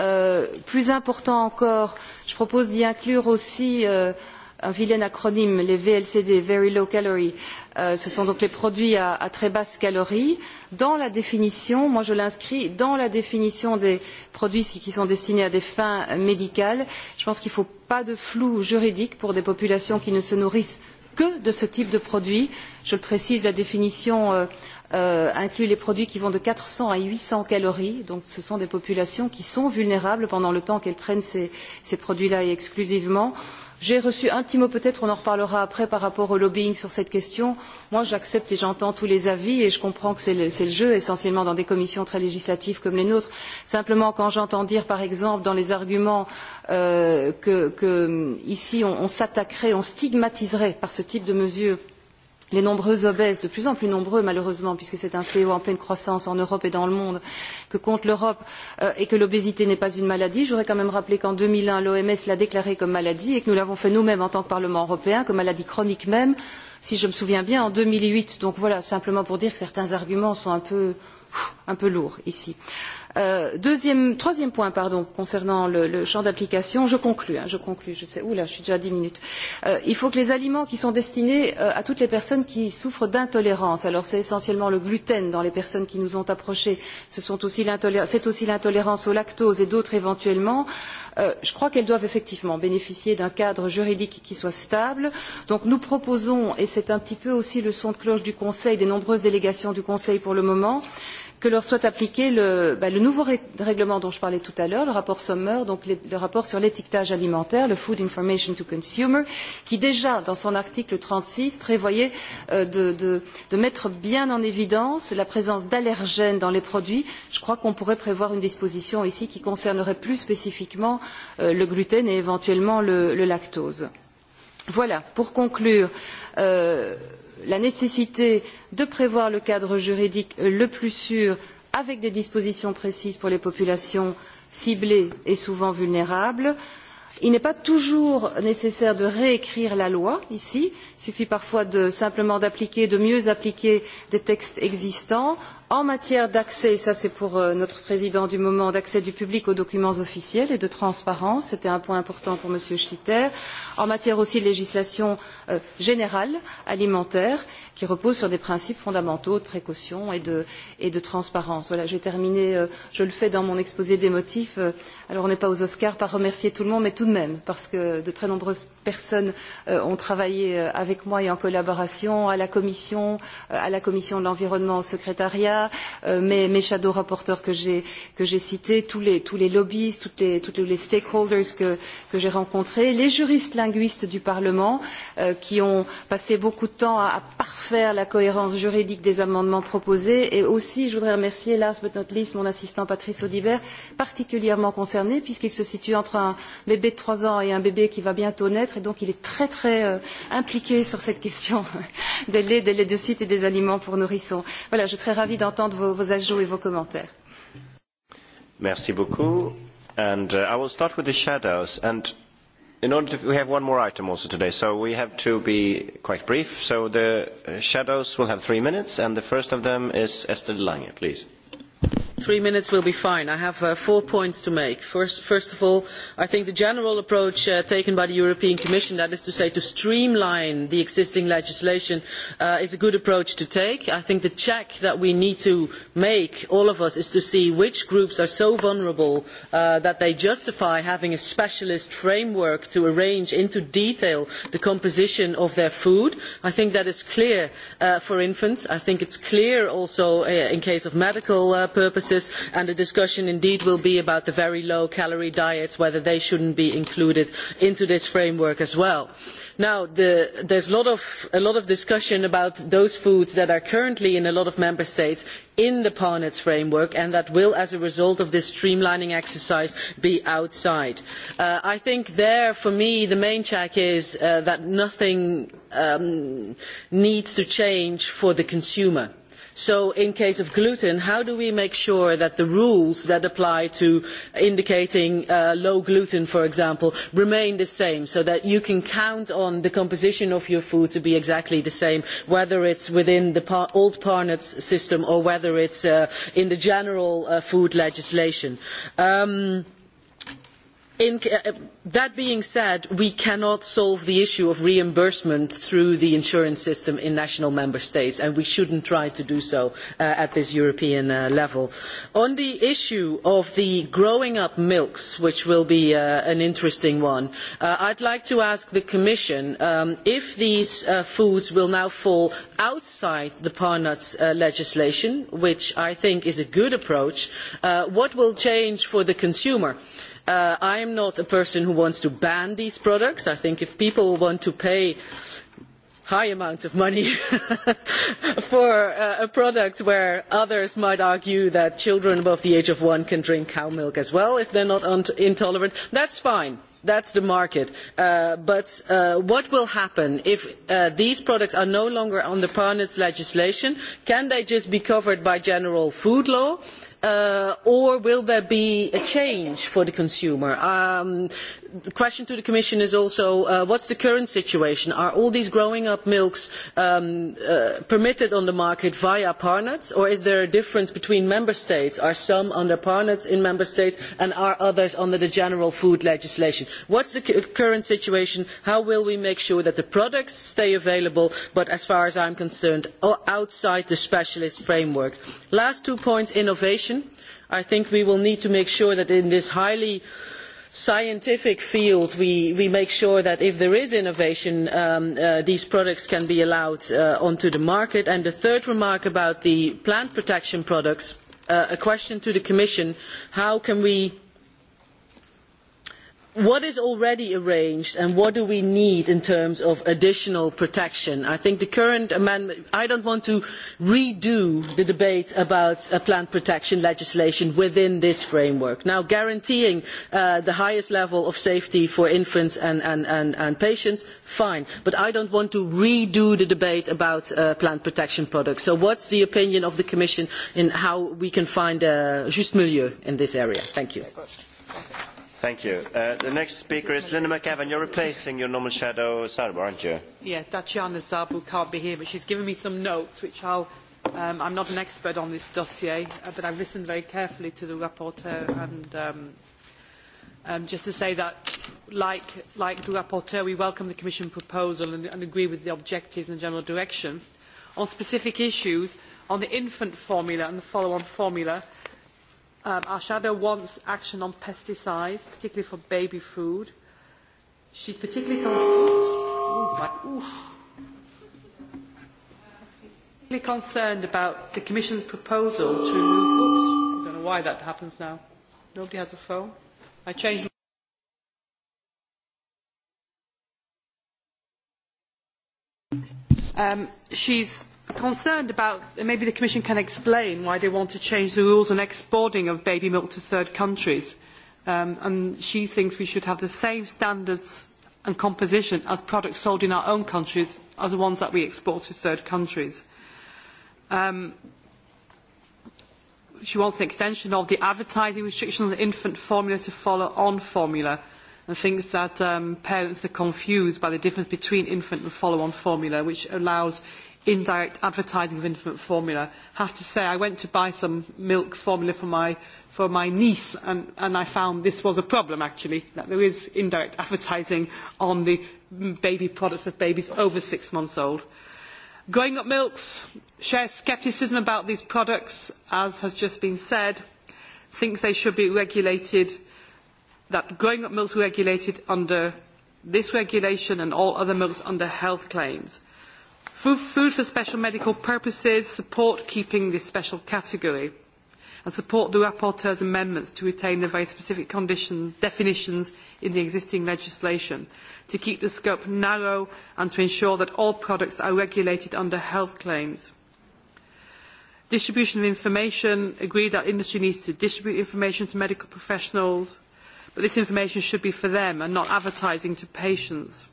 Euh, plus important encore, je propose d'y inclure aussi euh, un vilain acronyme, les VLCD, Very Low Calorie. Euh, ce sont donc les produits à, à très basse calorie. Dans la définition, moi je l'inscris dans la définition des produits qui sont destinés à des fins médicales. Je pense qu'il ne faut pas de flou juridique pour des populations qui ne se nourrissent que de ce type de produits. Je le précise, la définition euh, euh, inclut les produits qui vont de 400 à 800 calories. Donc ce sont des populations qui sont vulnérables pendant le temps qu'elles prennent ces, ces produits-là et exclusivement. J'ai reçu un petit mot, peut-être on en reparlera après par rapport au lobbying sur cette question. Moi, j'accepte et j'entends tous les avis et je comprends que c'est le, le jeu, essentiellement dans des commissions très législatives comme les nôtres. Simplement, quand j'entends dire, par exemple, dans les arguments euh, que, que ici on, on s'attaquerait, on stigmatiserait par ce type de mesures les nombreux obèses, de plus en plus nombreux malheureusement, puisque c'est un fléau en pleine croissance en Europe et dans le monde, que compte l'Europe, euh, et que l'obésité n'est pas une maladie. Je voudrais quand même rappeler qu'en 2001, l'OMS l'a déclarée comme maladie et que nous l'avons fait nous-mêmes en tant que Parlement européen, comme maladie chronique même, si je me souviens bien, en 2008. Donc voilà, simplement pour dire que certains arguments sont un peu, un peu lourds ici. Euh, Euh, deuxième, troisième point, pardon, concernant le, le champ d'application, je conclus, hein, je conclus, je sais, oula, je suis déjà à 10 minutes. Euh, il faut que les aliments qui sont destinés euh, à toutes les personnes qui souffrent d'intolérance, alors c'est essentiellement le gluten dans les personnes qui nous ont approchés, c'est Ce aussi l'intolérance au lactose et d'autres éventuellement, euh, je crois qu'elles doivent effectivement bénéficier d'un cadre juridique qui soit stable. Donc nous proposons, et c'est un petit peu aussi le son de cloche du Conseil, des nombreuses délégations du Conseil pour le moment, que leur soit appliqué le, ben, le nouveau règlement dont je parlais tout à l'heure, le rapport Sommer, donc les, le rapport sur l'étiquetage alimentaire, le Food Information to Consumer, qui déjà dans son article 36 prévoyait euh, de, de, de mettre bien en évidence la présence d'allergènes dans les produits. Je crois qu'on pourrait prévoir une disposition ici qui concernerait plus spécifiquement euh, le gluten et éventuellement le, le lactose. Voilà, pour conclure. Euh, la nécessité de prévoir le cadre juridique le plus sûr avec des dispositions précises pour les populations ciblées et souvent vulnérables. Il n'est pas toujours nécessaire de réécrire la loi ici, il suffit parfois de, simplement d'appliquer, de mieux appliquer des textes existants en matière d'accès, ça c'est pour euh, notre président du moment, d'accès du public aux documents officiels et de transparence, c'était un point important pour M. Schlitter, en matière aussi de législation euh, générale alimentaire qui repose sur des principes fondamentaux de précaution et de, et de transparence. Voilà, je vais terminer, euh, je le fais dans mon exposé des motifs, euh, alors on n'est pas aux Oscars par remercier tout le monde, mais tout de même, parce que de très nombreuses personnes euh, ont travaillé euh, avec moi et en collaboration à la Commission, à la Commission de l'environnement, au secrétariat, Euh, mes, mes shadow rapporteurs que j'ai cités, tous les, tous les lobbies, toutes les, toutes les stakeholders que, que j'ai rencontrés, les juristes linguistes du Parlement euh, qui ont passé beaucoup de temps à, à parfaire la cohérence juridique des amendements proposés et aussi je voudrais remercier last but not least mon assistant Patrice Audibert particulièrement concerné puisqu'il se situe entre un bébé de trois ans et un bébé qui va bientôt naître et donc il est très très euh, impliqué sur cette question des laits, des laits de site et des aliments pour nourrissons. Voilà, je serais ravie d'entendre d'entendre vos, vos ajouts et vos commentaires. Merci beaucoup. And uh, I will start with the shadows. And in order to, we have one more item also today, so we have to be quite brief. So the shadows will have three minutes, and the first of them is Esther Lange, please three minutes will be fine. i have uh, four points to make. First, first of all i think the general approach uh, taken by the european commission that is to say to streamline the existing legislation uh, is a good approach to take. i think the check that we need to make all of us is to see which groups are so vulnerable uh, that they justify having a specialist framework to arrange into detail the composition of their food. i think that is clear uh, for infants. i think it is clear also uh, in case of medical purposes choices and the discussion indeed will be about the very low calorie diets whether they should not be included in this framework as well. Now, the, there a lot of discussion about those foods that are currently in a lot of member states in the parnets framework and that will as a result of this streamlining exercise be outside. Uh, i think there for me the main check is uh, that nothing um, needs to change for the consumer so in case of gluten how do we make sure that the rules that apply to indicating uh, low gluten for example remain the same so that you can count on the composition of your food to be exactly the same whether it's within the old parnets system or whether it's is uh, in the general uh, food legislation um, In, uh, that being said we cannot solve the issue of reimbursement through the insurance system in national member states and we should not try to do so uh, at this european uh, level. on the issue of the growing up milks which will be uh, an interesting one uh, i would like to ask the commission um, if these uh, foods will now fall outside the parnuts legislation which i think is a good approach what will change for the consumer? Uh, I am not a person who wants to ban these products. I think if people want to pay high amounts of money for uh, a product where others might argue that children above the age of one can drink cow milk as well if they are not intolerant. That's fine. That's the market. Uh, but uh, what will happen if uh, these products are no longer under Parnitz legislation? Can they just be covered by general food law? Uh, Uh, or will there be a change for the consumer? Um, the question to the Commission is also, uh, what's the current situation? Are all these growing up milks um, uh, permitted on the market via Parnets, or is there a difference between member states? Are some under Parnets in member states, and are others under the general food legislation? What's the current situation? How will we make sure that the products stay available, but as far as I'm concerned, outside the specialist framework? Last two points, innovation regulation. I think we will need to make sure that in this highly scientific field we, we make sure that if there is innovation um, uh, these products can be allowed uh, onto the market. And the third remark about the plant protection products, uh, a question to the Commission, how can we what is already arranged and what do we need in terms of additional protection? I think the current amendment, I don't want to redo the debate about uh, plant protection legislation within this framework. Now, guaranteeing uh, the highest level of safety for infants and, and, and, and, patients, fine. But I don't want to redo the debate about uh, plant protection products. So what's the opinion of the Commission in how we can find a just juste milieu in this area? Thank you. Thank you. Uh, the next speaker is Linda McEvan. You're replacing your normal shadow, Sarbu, aren't you? Yeah, Daciana Sarbu can't be here, but she's given me some notes, which I'll... Um, I'm not an expert on this dossier, uh, but I've listened very carefully to the rapporteur, and um, um, just to say that, like, the rapporteur, we welcome the Commission proposal and agree with the objectives and the general direction. On specific issues, on the infant formula and the follow-on formula, Um, our shadow wants action on pesticides, particularly for baby food. She's particularly concerned about the Commission's proposal to remove. Oops, I don't know why that happens now. Nobody has a phone. I changed. Um, she's concerned about, maybe the Commission can explain why they want to change the rules on exporting of baby milk to third countries. Um, and she thinks we should have the same standards and composition as products sold in our own countries as the ones that we export to third countries. Um, she wants an extension of the advertising restrictions on infant formula to follow on formula and thinks that um, parents are confused by the difference between infant and follow on formula, which allows indirect advertising of infant formula. I have to say, I went to buy some milk formula for my, for my niece, and, and I found this was a problem, actually, that there is indirect advertising on the baby products of babies over six months old. Growing up milks share scepticism about these products, as has just been said, thinks they should be regulated, that growing up milks are regulated under this regulation and all other milks under health claims food for special medical purposes, support keeping this special category and support the rapporteur's amendments to retain the very specific condition definitions in the existing legislation, to keep the scope narrow and to ensure that all products are regulated under health claims. Distribution of information, agree that industry needs to distribute information to medical professionals, but this information should be for them and not advertising to patients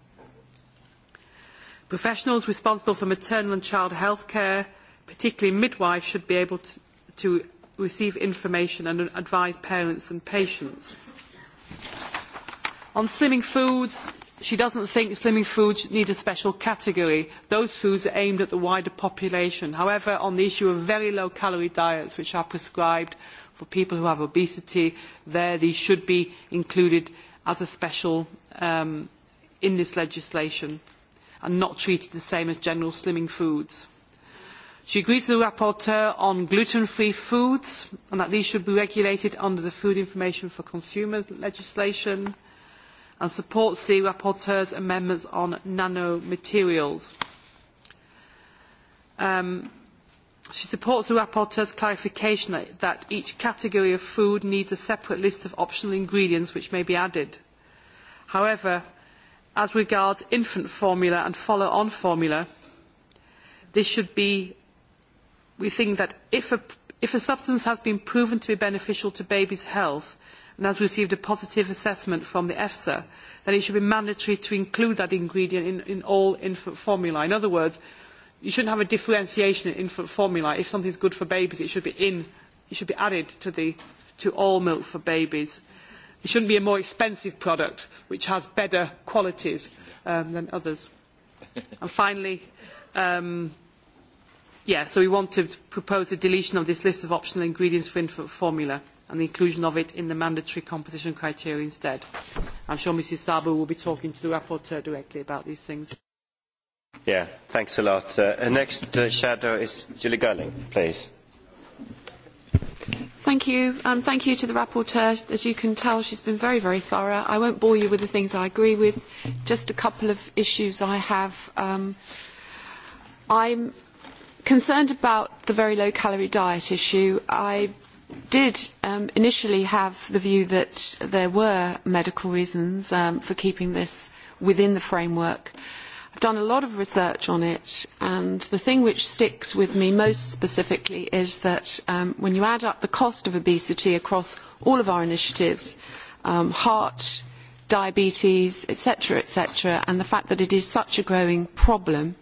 Professionals responsible for maternal and child health care, particularly midwives, should be able to, to receive information and advise parents and patients. On slimming foods, she doesn't think slimming foods need a special category. Those foods are aimed at the wider population. However, on the issue of very low calorie diets which are prescribed for people who have obesity, there these should be included as a special um, in this legislation and not treated the same as general slimming foods. She agrees with the rapporteur on gluten-free foods and that these should be regulated under the Food Information for Consumers legislation and supports the rapporteur's amendments on nanomaterials. Um, she supports the rapporteur's clarification that, that each category of food needs a separate list of optional ingredients which may be added. However, as regards infant formula and follow on formula this should be we think that if a, if a substance has been proven to be beneficial to babies' health and has received a positive assessment from the EFSA, then it should be mandatory to include that ingredient in, in all infant formula. In other words, you shouldn't have a differentiation in infant formula. If something's good for babies, it should be, in, it should be added to, the, to all milk for babies. It shouldn't be a more expensive product which has better qualities um, than others. and finally, um, yeah, so we want to propose a deletion of this list of optional ingredients for infant formula and the inclusion of it in the mandatory composition criteria instead. I'm sure Mrs Sabo will be talking to the rapporteur directly about these things. Yeah, thanks a lot. Uh, uh next uh, shadow is Julie please. Thank you. Um, thank you to the rapporteur. As you can tell, she's been very, very thorough. I won't bore you with the things I agree with, just a couple of issues I have. Um, I'm concerned about the very low-calorie diet issue. I did um, initially have the view that there were medical reasons um, for keeping this within the framework. Uh, done a lot of research on it, and the thing which sticks with me most specifically is that um, when you add up the cost of obesity across all of our initiatives, um, heart, diabetes, etc., etc., and the fact that it is such a growing problem,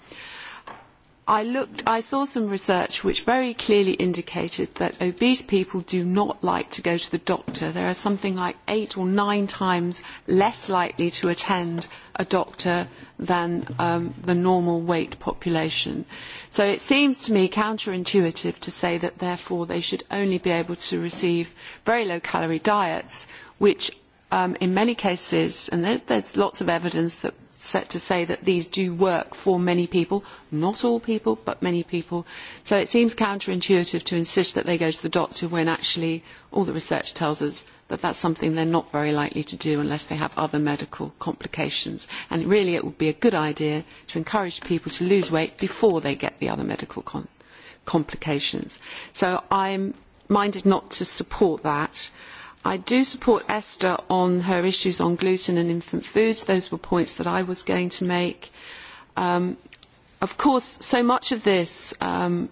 I, looked, I saw some research which very clearly indicated that obese people do not like to go to the doctor. They are something like eight or nine times less likely to attend a doctor than um, the normal weight population. So it seems to me counterintuitive to say that therefore they should only be able to receive very low calorie diets, which um, in many cases, and there, there's lots of evidence that set to say that these do work for many people, not all people, but many people. So it seems counterintuitive to insist that they go to the doctor when actually all the research tells us that that's something they're not very likely to do unless they have other medical complications. And really it would be a good idea to encourage people to lose weight before they get the other medical com complications. So I'm minded not to support that. I do support Esther on her issues on gluten and infant foods. Those were points that I was going to make. Um, of course, so much of this um,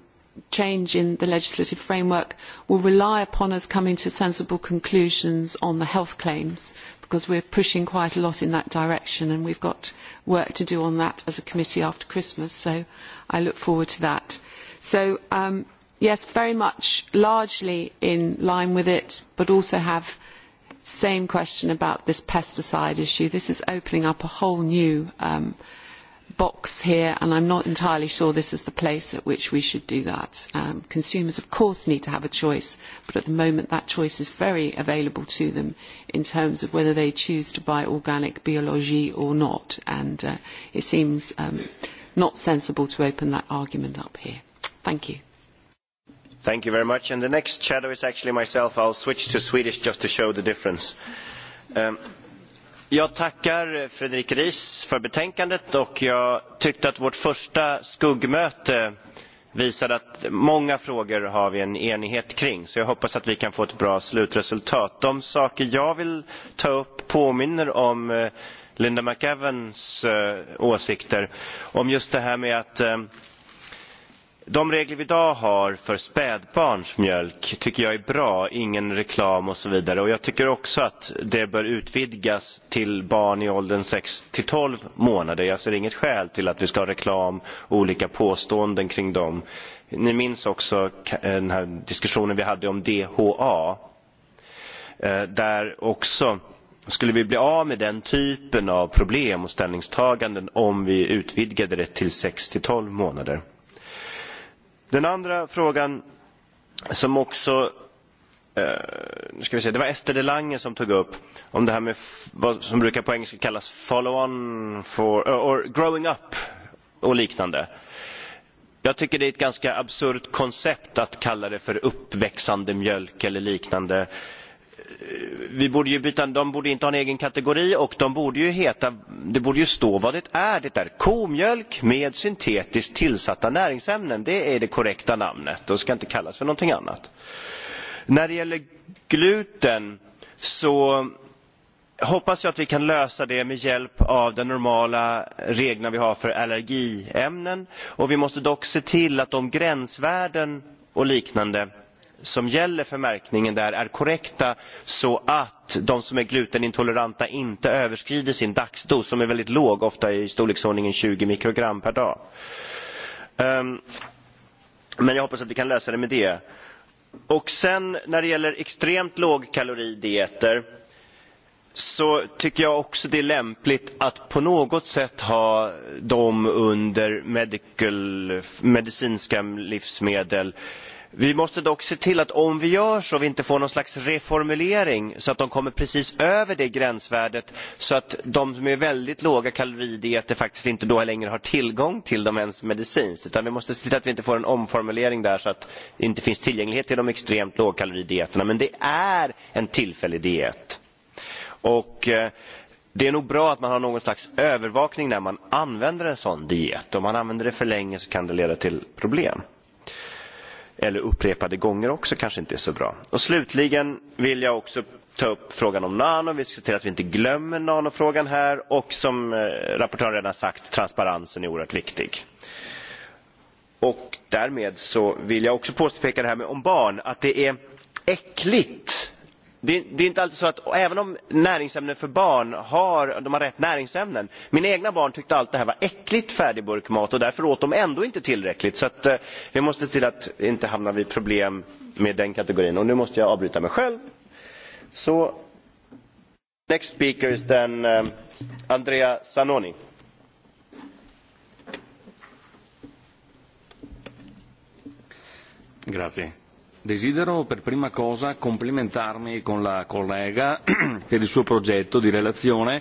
change in the legislative framework will rely upon us coming to sensible conclusions on the health claims because we're pushing quite a lot in that direction and we've got work to do on that as a committee after Christmas. So I look forward to that. So um, yes, very much largely in line with it, but also have same question about this pesticide issue. This is opening up a whole new um, box here, and I'm not entirely sure this is the place at which we should do that. Um, consumers, of course, need to have a choice, but at the moment that choice is very available to them in terms of whether they choose to buy organic biologie or not, and uh, it seems um, not sensible to open that argument up here. Thank you the next shadow is actually myself. I'll switch to Swedish just to show the difference. Um, jag tackar eh, Fredrik Ries för betänkandet och jag tyckte att vårt första skuggmöte visade att många frågor har vi en enighet kring. Så jag hoppas att vi kan få ett bra slutresultat. De saker jag vill ta upp påminner om eh, Linda McEvans eh, åsikter om just det här med att de regler vi idag har för spädbarnsmjölk tycker jag är bra. Ingen reklam och så vidare. Och jag tycker också att det bör utvidgas till barn i åldern 6 till 12 månader. Jag ser inget skäl till att vi ska ha reklam och olika påståenden kring dem. Ni minns också den här diskussionen vi hade om DHA. Eh, där också skulle vi bli av med den typen av problem och ställningstaganden om vi utvidgade det till 6 till 12 månader. Den andra frågan som också Uh, ska vi se, det var Ester de Lange som tog upp om det här med vad som brukar på engelska kallas follow-on for, uh, or growing up och liknande. Jag tycker det är ett ganska absurt koncept att kalla det för uppväxande mjölk eller liknande. Uh, Eh, vi borde ju byta, de borde inte ha en egen kategori och de borde ju heta, det borde ju stå vad det är. Det är komjölk med syntetiskt tillsatta näringsämnen. Det är det korrekta namnet. De ska inte kallas för någonting annat. När det gäller gluten så hoppas jag att vi kan lösa det med hjälp av de normala reglerna vi har för allergiämnen. Och vi måste dock se till att de gränsvärden och liknande som gäller för märkningen där är korrekta så att de som är glutenintoleranta inte överskrider sin dagsdos som är väldigt låg, ofta i storleksordningen 20 mikrogram per dag. Um, men jag hoppas att vi kan lösa det med det. Och sen när det gäller extremt lågkaloridieter så tycker jag också det är lämpligt att på något sätt ha dem under medical, medicinska livsmedel vi måste dock se till att om vi gör så vi inte får någon slags reformulering så att de kommer precis över det gränsvärdet så att de som är väldigt låga kaloridieter faktiskt inte då längre har tillgång till dem ens medicinskt. Utan vi måste se till att vi inte får en omformulering där så att det inte finns tillgänglighet till de extremt lågkaloridieterna. Men det är en tillfällig diet. Och eh, det är nog bra att man har någon slags övervakning när man använder en sån diet. Om man använder det för länge så kan det leda till problem eller upprepade gånger också kanske inte är så bra. Och slutligen vill jag också ta upp frågan om nano. Vi ska se till att vi inte glömmer nanofrågan här och som eh, rapportören redan sagt, transparensen är oerhört viktig. Och därmed så vill jag också påpeka det här med om barn, att det är äckligt Det, är inte alltid så att även om näringsämnen för barn har, de har rätt näringsämnen. Mina egna barn tyckte allt det här var äckligt färdigburkmat och därför åt de ändå inte tillräckligt. Så att, eh, vi måste se till att inte hamna vid problem med den kategorin. Och nu måste jag avbryta mig själv. Så, next speaker is then um, Andrea Sanoni. Grazie Desidero per prima cosa complimentarmi con la collega per il suo progetto di relazione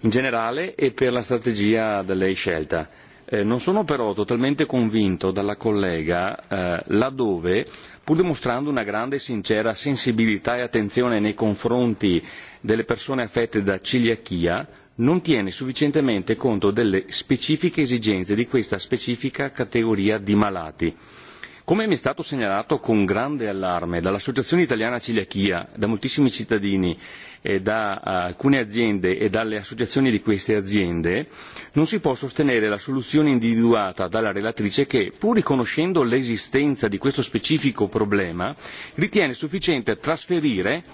in generale e per la strategia da lei scelta. Eh, non sono però totalmente convinto dalla collega eh, laddove, pur dimostrando una grande e sincera sensibilità e attenzione nei confronti delle persone affette da celiachia, non tiene sufficientemente conto delle specifiche esigenze di questa specifica categoria di malati Come mi è stato segnalato con grande allarme dall'Associazione Italiana Celiachia, da moltissimi cittadini, e da eh, alcune aziende e dalle associazioni di queste aziende, non si può sostenere la soluzione individuata dalla relatrice che, pur riconoscendo l'esistenza di questo specifico problema, ritiene sufficiente trasferire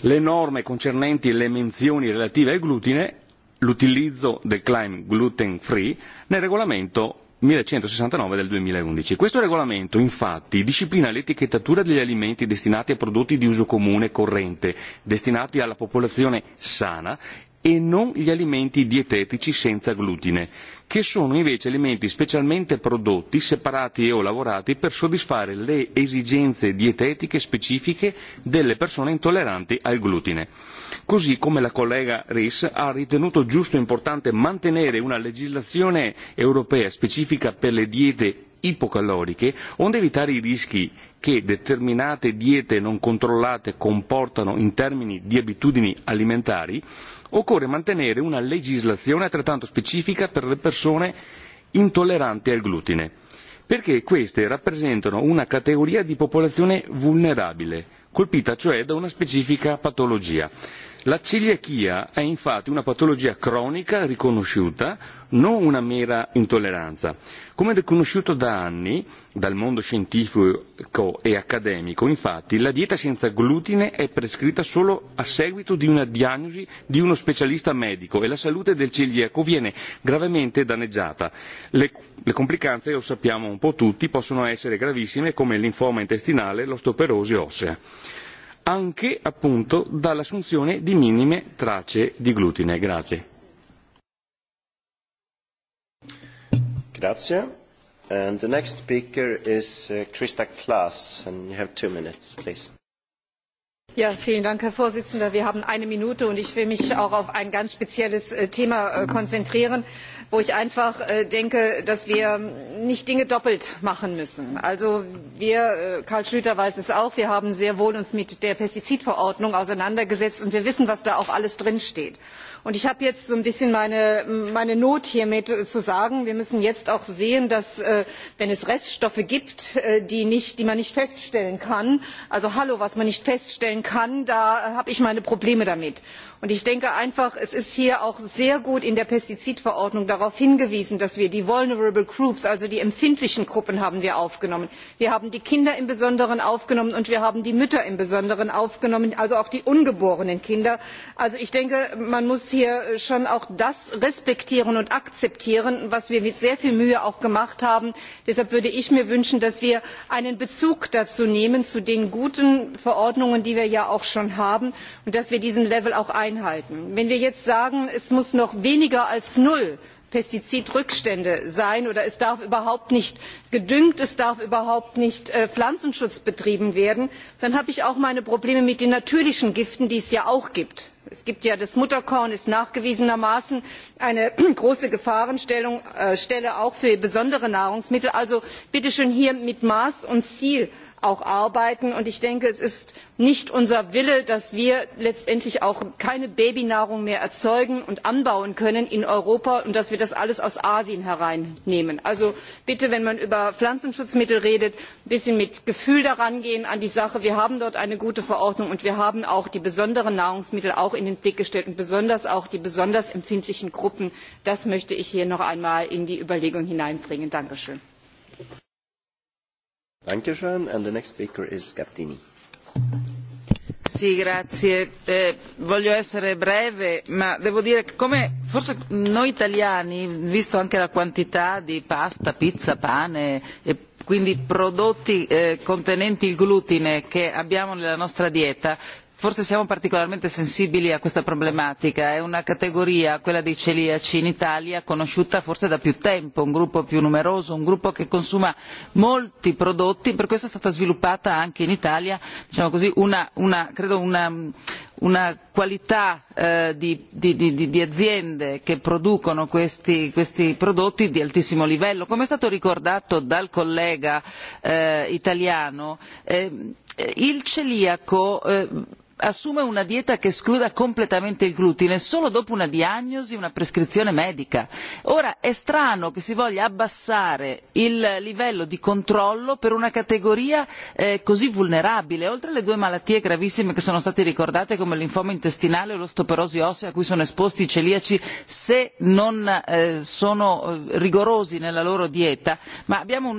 le norme concernenti le menzioni relative al glutine l'utilizzo del claim gluten free nel regolamento 1169 del 2011. Questo regolamento, infatti, disciplina l'etichettatura degli alimenti destinati a prodotti di uso comune corrente, destinati alla popolazione sana, e non gli alimenti dietetici senza glutine che sono invece alimenti specialmente prodotti, separati o lavorati per soddisfare le esigenze dietetiche specifiche delle persone intolleranti al glutine. Così come la collega Ries ha ritenuto giusto e importante mantenere una legislazione europea specifica per le diete ipocaloriche, onde evitare i rischi che determinate diete non controllate comportano in termini di abitudini alimentari, occorre mantenere una legislazione altrettanto specifica per le persone intolleranti al glutine perché queste rappresentano una categoria di popolazione vulnerabile colpita cioè da una specifica patologia. La celiachia è infatti una patologia cronica riconosciuta, non una mera intolleranza. Come riconosciuto da anni dal mondo scientifico e accademico, infatti, la dieta senza glutine è prescritta solo a seguito di una diagnosi di uno specialista medico e la salute del celiaco viene gravemente danneggiata. Le, le complicanze, lo sappiamo un po' tutti, possono essere gravissime come il linfoma intestinale, l'osteoporosi ossea anche appunto dall'assunzione di minime tracce di glutine. Grazie. Grazie. And the next speaker is uh, Christa Klaas, and you have two minutes, please. Ja, vielen Dank, Herr Vorsitzender. Wir haben eine Minute und ich will mich auch auf ein ganz spezielles äh, Thema äh, konzentrieren wo ich einfach äh, denke dass wir nicht dinge doppelt machen müssen. also wir äh, karl schlüter weiß es auch wir haben uns sehr wohl mit der pestizidverordnung auseinandergesetzt und wir wissen was da auch alles drinsteht. Und ich habe jetzt so ein bisschen meine, meine not hiermit äh, zu sagen wir müssen jetzt auch sehen dass wenn es reststoffe gibt die, nicht, die man nicht feststellen kann also hallo was man nicht feststellen kann da habe ich meine probleme damit. Und ich denke einfach, es ist hier auch sehr gut in der Pestizidverordnung darauf hingewiesen, dass wir die Vulnerable Groups, also die empfindlichen Gruppen, aufgenommen haben wir haben die Kinder im Besonderen aufgenommen und wir haben die Mütter im Besonderen aufgenommen, also auch die ungeborenen Kinder. Also ich denke, man muss hier schon auch das respektieren und akzeptieren, was wir mit sehr viel Mühe auch gemacht haben. Deshalb würde ich mir wünschen, dass wir einen Bezug dazu nehmen, zu den guten Verordnungen, die wir ja auch schon haben, und dass wir diesen Level einhalten. wenn wir jetzt sagen es muss noch weniger als null pestizidrückstände sein oder es darf überhaupt nicht gedüngt es darf überhaupt nicht äh, pflanzenschutz betrieben werden dann habe ich auch meine probleme mit den natürlichen giften die es ja auch gibt. Es gibt ja, das mutterkorn ist nachgewiesenermaßen eine große gefahrenstelle äh, auch für besondere nahrungsmittel. also bitte schön hier mit maß und ziel auch arbeiten und ich denke es ist nicht unser wille dass wir letztendlich auch keine babynahrung mehr erzeugen und anbauen können in europa und dass wir das alles aus asien hereinnehmen. also bitte wenn man über pflanzenschutzmittel redet ein bisschen mit gefühl herangehen an die sache. wir haben dort eine gute verordnung und wir haben auch die besonderen nahrungsmittel in den blick gestellt und besonders auch die besonders empfindlichen gruppen. das möchte ich hier noch einmal in die überlegung hineinbringen. danke schön. Dankeschön. And the next speaker is Gattini. Sì, grazie. Eh, voglio essere breve, ma devo dire che come forse noi italiani, visto anche la quantità di pasta, pizza, pane e quindi prodotti eh, contenenti il glutine che abbiamo nella nostra dieta, forse siamo particolarmente sensibili a questa problematica è una categoria quella dei celiaci in italia conosciuta forse da più tempo un gruppo più numeroso un gruppo che consuma molti prodotti per questo è stata sviluppata anche in italia diciamo così una, una, credo una, una qualità eh, di, di, di, di aziende che producono questi, questi prodotti di altissimo livello. come è stato ricordato dal collega eh, italiano eh, il celiaco eh, assume una dieta che escluda completamente il glutine solo dopo una diagnosi e una prescrizione medica. ora è strano che si voglia abbassare il livello di controllo per una categoria eh, così vulnerabile oltre alle due malattie gravissime che sono state ricordate come il linfoma intestinale e l'osteoporosi ossea a cui sono esposti i celiaci se non eh, sono eh, rigorosi nella loro dieta ma abbiamo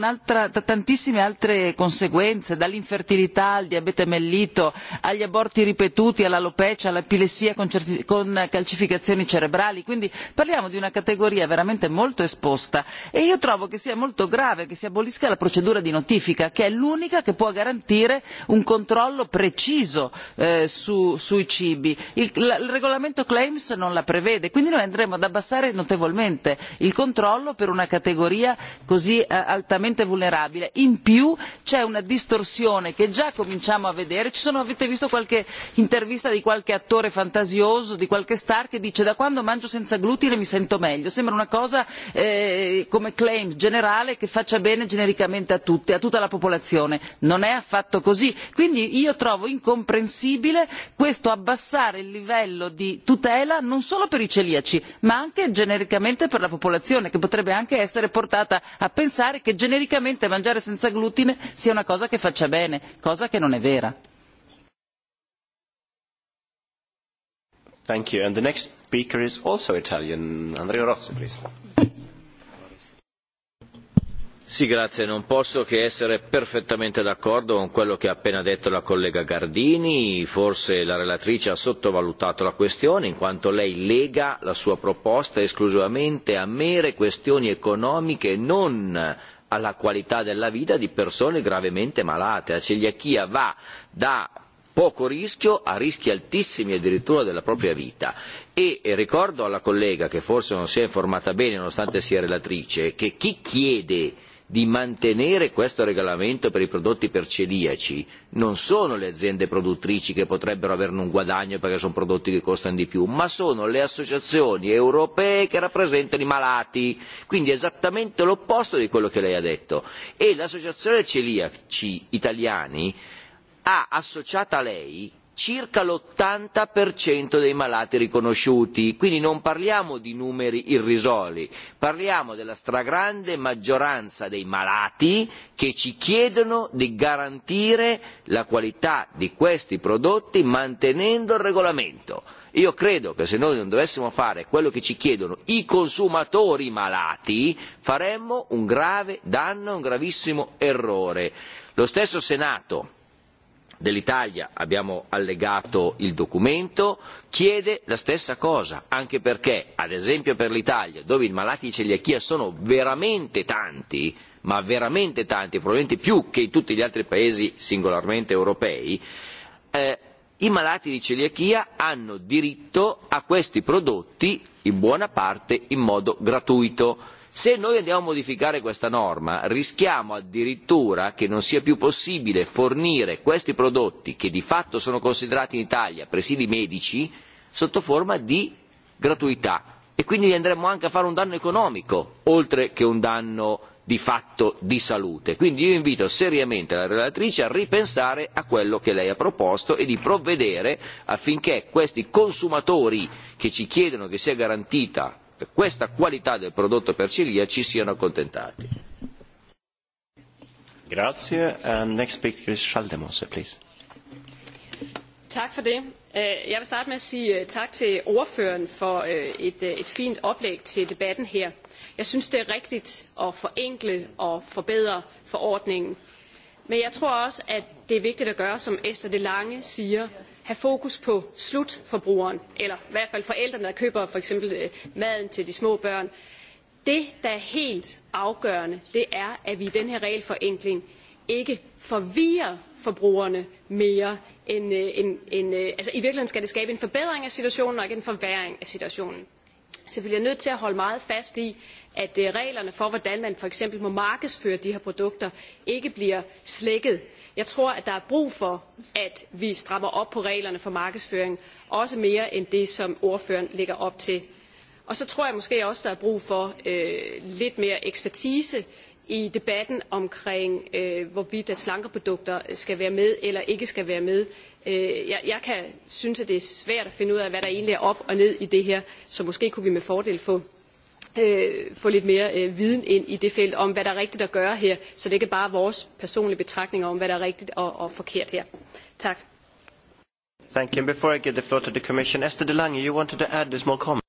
tantissime altre conseguenze dall'infertilità al diabete mellito agli aborti ripetuti all'alopecia all'epilessia con, con calcificazioni cerebrali quindi parliamo di una categoria veramente molto esposta e io trovo che sia molto grave che si abolisca la procedura di notifica che è l'unica che può garantire un controllo preciso eh, su, sui cibi. Il, la, il regolamento claims non la prevede quindi noi andremo ad abbassare notevolmente il controllo per una categoria così eh, altamente vulnerabile. in più c'è una distorsione che già cominciamo a vedere ci sono avete visto qualche intervista di qualche attore fantasioso di qualche star che dice da quando mangio senza glutine mi sento meglio sembra una cosa eh, come claim generale che faccia bene genericamente a tutti a tutta la popolazione non è affatto così quindi io trovo incomprensibile questo abbassare il livello di tutela non solo per i celiaci ma anche genericamente per la popolazione che potrebbe anche essere portata a pensare che genericamente mangiare senza glutine sia una cosa che faccia bene cosa che non è vera. Thank you. the next speaker is also Italian. Andrea Rossi, please. Sì, grazie. Non posso che essere perfettamente d'accordo con quello che ha appena detto la collega Gardini. Forse la relatrice ha sottovalutato la questione, in quanto lei lega la sua proposta esclusivamente a mere questioni economiche, non alla qualità della vita di persone gravemente malate. La celiachia va da poco rischio a rischi altissimi addirittura della propria vita e ricordo alla collega che forse non si è informata bene nonostante sia relatrice che chi chiede di mantenere questo regolamento per i prodotti per celiaci non sono le aziende produttrici che potrebbero averne un guadagno perché sono prodotti che costano di più, ma sono le associazioni europee che rappresentano i malati, quindi esattamente l'opposto di quello che lei ha detto. E l'associazione celiaci italiani ha associata lei circa l' ottanta dei malati riconosciuti quindi non parliamo di numeri irrisori parliamo della stragrande maggioranza dei malati che ci chiedono di garantire la qualità di questi prodotti mantenendo il regolamento. io credo che se noi non dovessimo fare quello che ci chiedono i consumatori malati faremmo un grave danno un gravissimo errore. lo stesso senato dell'Italia, abbiamo allegato il documento, chiede la stessa cosa, anche perché, ad esempio per l'Italia, dove i malati di celiachia sono veramente tanti, ma veramente tanti, probabilmente più che in tutti gli altri paesi singolarmente europei, eh, i malati di celiachia hanno diritto a questi prodotti in buona parte in modo gratuito. Se noi andiamo a modificare questa norma rischiamo addirittura che non sia più possibile fornire questi prodotti che di fatto sono considerati in Italia presidi medici sotto forma di gratuità e quindi andremo anche a fare un danno economico oltre che un danno di fatto di salute. Quindi io invito seriamente la relatrice a ripensare a quello che lei ha proposto e di provvedere affinché questi consumatori che ci chiedono che sia garantita questa qualità del prodotto per celiaci siano accontentati. Grazie. And next speaker is Schaldemose, please. Tak for det. Øh, jeg vil starte med at sige øh, tak til ordføreren for øh, et, et fint oplæg til debatten her. Jeg synes, det er rigtigt at forenkle og forbedre forordningen. Men jeg tror også, at det er vigtigt at gøre, som Esther de Lange siger, have fokus på slutforbrugeren, eller i hvert fald forældrene, der køber for eksempel øh, maden til de små børn. Det, der er helt afgørende, det er, at vi i den her regelforenkling ikke forvirrer forbrugerne mere. End, øh, end, end, øh, altså I virkeligheden skal det skabe en forbedring af situationen, og ikke en forværring af situationen. Så vi bliver nødt til at holde meget fast i, at er reglerne for, hvordan man for eksempel må markedsføre de her produkter, ikke bliver slækket. Jeg tror, at der er brug for, at vi strammer op på reglerne for markedsføring, også mere end det, som ordføreren lægger op til. Og så tror jeg måske også, der er brug for øh, lidt mere ekspertise i debatten omkring, øh, hvorvidt at slankeprodukter skal være med eller ikke skal være med. Øh, jeg, jeg kan synes, at det er svært at finde ud af, hvad der egentlig er op og ned i det her, så måske kunne vi med fordel få øh, få lidt mere øh, viden ind i det felt om, hvad der er rigtigt at gøre her, så det er ikke bare er vores personlige betragtninger om, hvad der er rigtigt og, og forkert her. Tak. Thank you. Before I give the floor to the Commission, Esther DeLange, you wanted to add a small comment.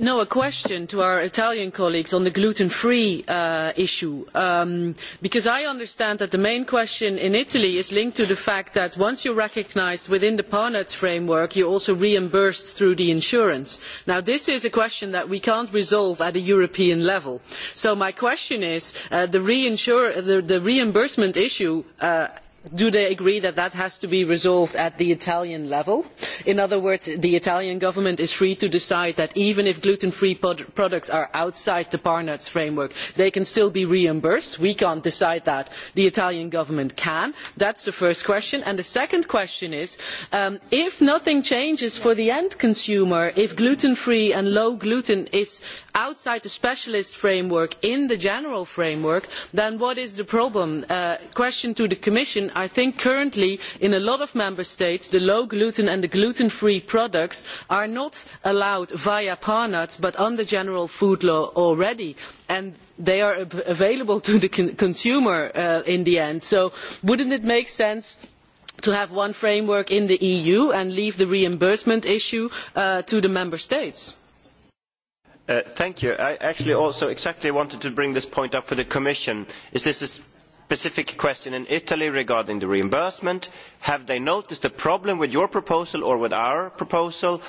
No, a question to our Italian colleagues on the gluten-free uh, issue, um, because I understand that the main question in Italy is linked to the fact that once you're recognised within the Parnet framework, are also reimbursed through the insurance. Now, this is a question that we can't resolve at a European level. So my question is, uh, the, reimbursement issue uh, do they agree that that has to be resolved at the Italian level? In other words, the Italian government is free to decide that even if gluten-free products are outside the Parnuts framework, they can still be reimbursed. We can't decide that. The Italian government can. That's the first question. And the second question is, um, if nothing changes for the end consumer, if gluten-free and low gluten is outside the specialist framework in the general framework, then what is the problem? a uh, question to the Commission i think currently in a lot of member states the low gluten and the gluten free products are not allowed via parnuts but under general food law already and they are available to the consumer uh, in the end. so would it not make sense to have one framework in the eu and leave the reimbursement issue uh, to the member states? Uh, thank you. i actually also exactly wanted to bring this point up for the commission. is this specific question in Italy regarding the reimbursement. Have they noticed a problem with your proposal or with our proposal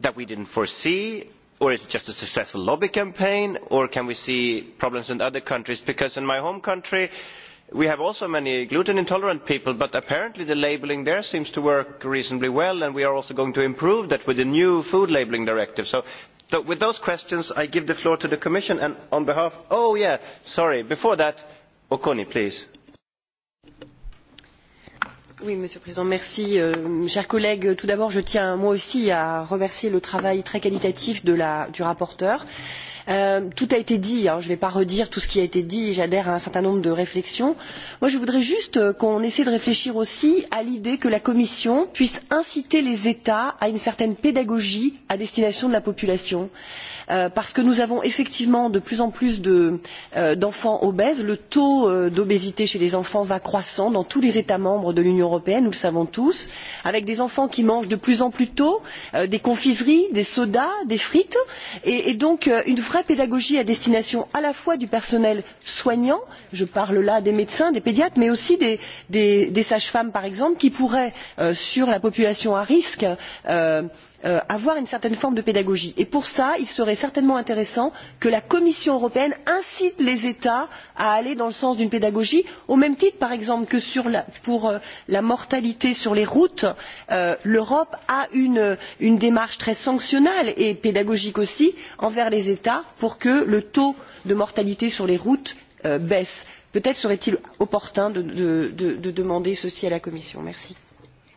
that we didn't foresee? Or is it just a successful lobby campaign? Or can we see problems in other countries? Because in my home country, we have also many gluten intolerant people, but apparently the labelling there seems to work reasonably well, and we are also going to improve that with the new food labelling directive. So with those questions, I give the floor to the Commission, and on behalf... Oh, yeah, sorry, before that, Oconi, please. Oui, Monsieur le Président, merci. Euh, chers collègues, tout d'abord, je tiens moi aussi à remercier le travail très qualitatif de la, du rapporteur. Euh, Euh, tout a été dit, Hein, je ne vais pas redire tout ce qui a été dit, j'adhère à un certain nombre de réflexions. Moi, je voudrais juste euh, qu'on essaie de réfléchir aussi à l'idée que la Commission puisse inciter les États à une certaine pédagogie à destination de la population. Euh, parce que nous avons effectivement de plus en plus d'enfants de, euh, obèses, le taux euh, d'obésité chez les enfants va croissant dans tous les États membres de l'Union européenne, nous le savons tous, avec des enfants qui mangent de plus en plus tôt euh, des confiseries, des sodas, des frites, et, et donc euh, une vraie vraie pédagogie à destination à la fois du personnel soignant je parle là des médecins des pédiatres mais aussi des, des, des sages femmes par exemple qui pourraient euh, sur la population à risque euh, euh, avoir une certaine forme de pédagogie. Et pour ça, il serait certainement intéressant que la Commission européenne incite les États à aller dans le sens d'une pédagogie, au même titre, par exemple, que sur la, pour euh, la mortalité sur les routes, euh, l'Europe a une, une démarche très sanctionnelle et pédagogique aussi envers les États pour que le taux de mortalité sur les routes euh, baisse. Peut-être serait-il opportun de, de, de, de demander ceci à la Commission. Merci.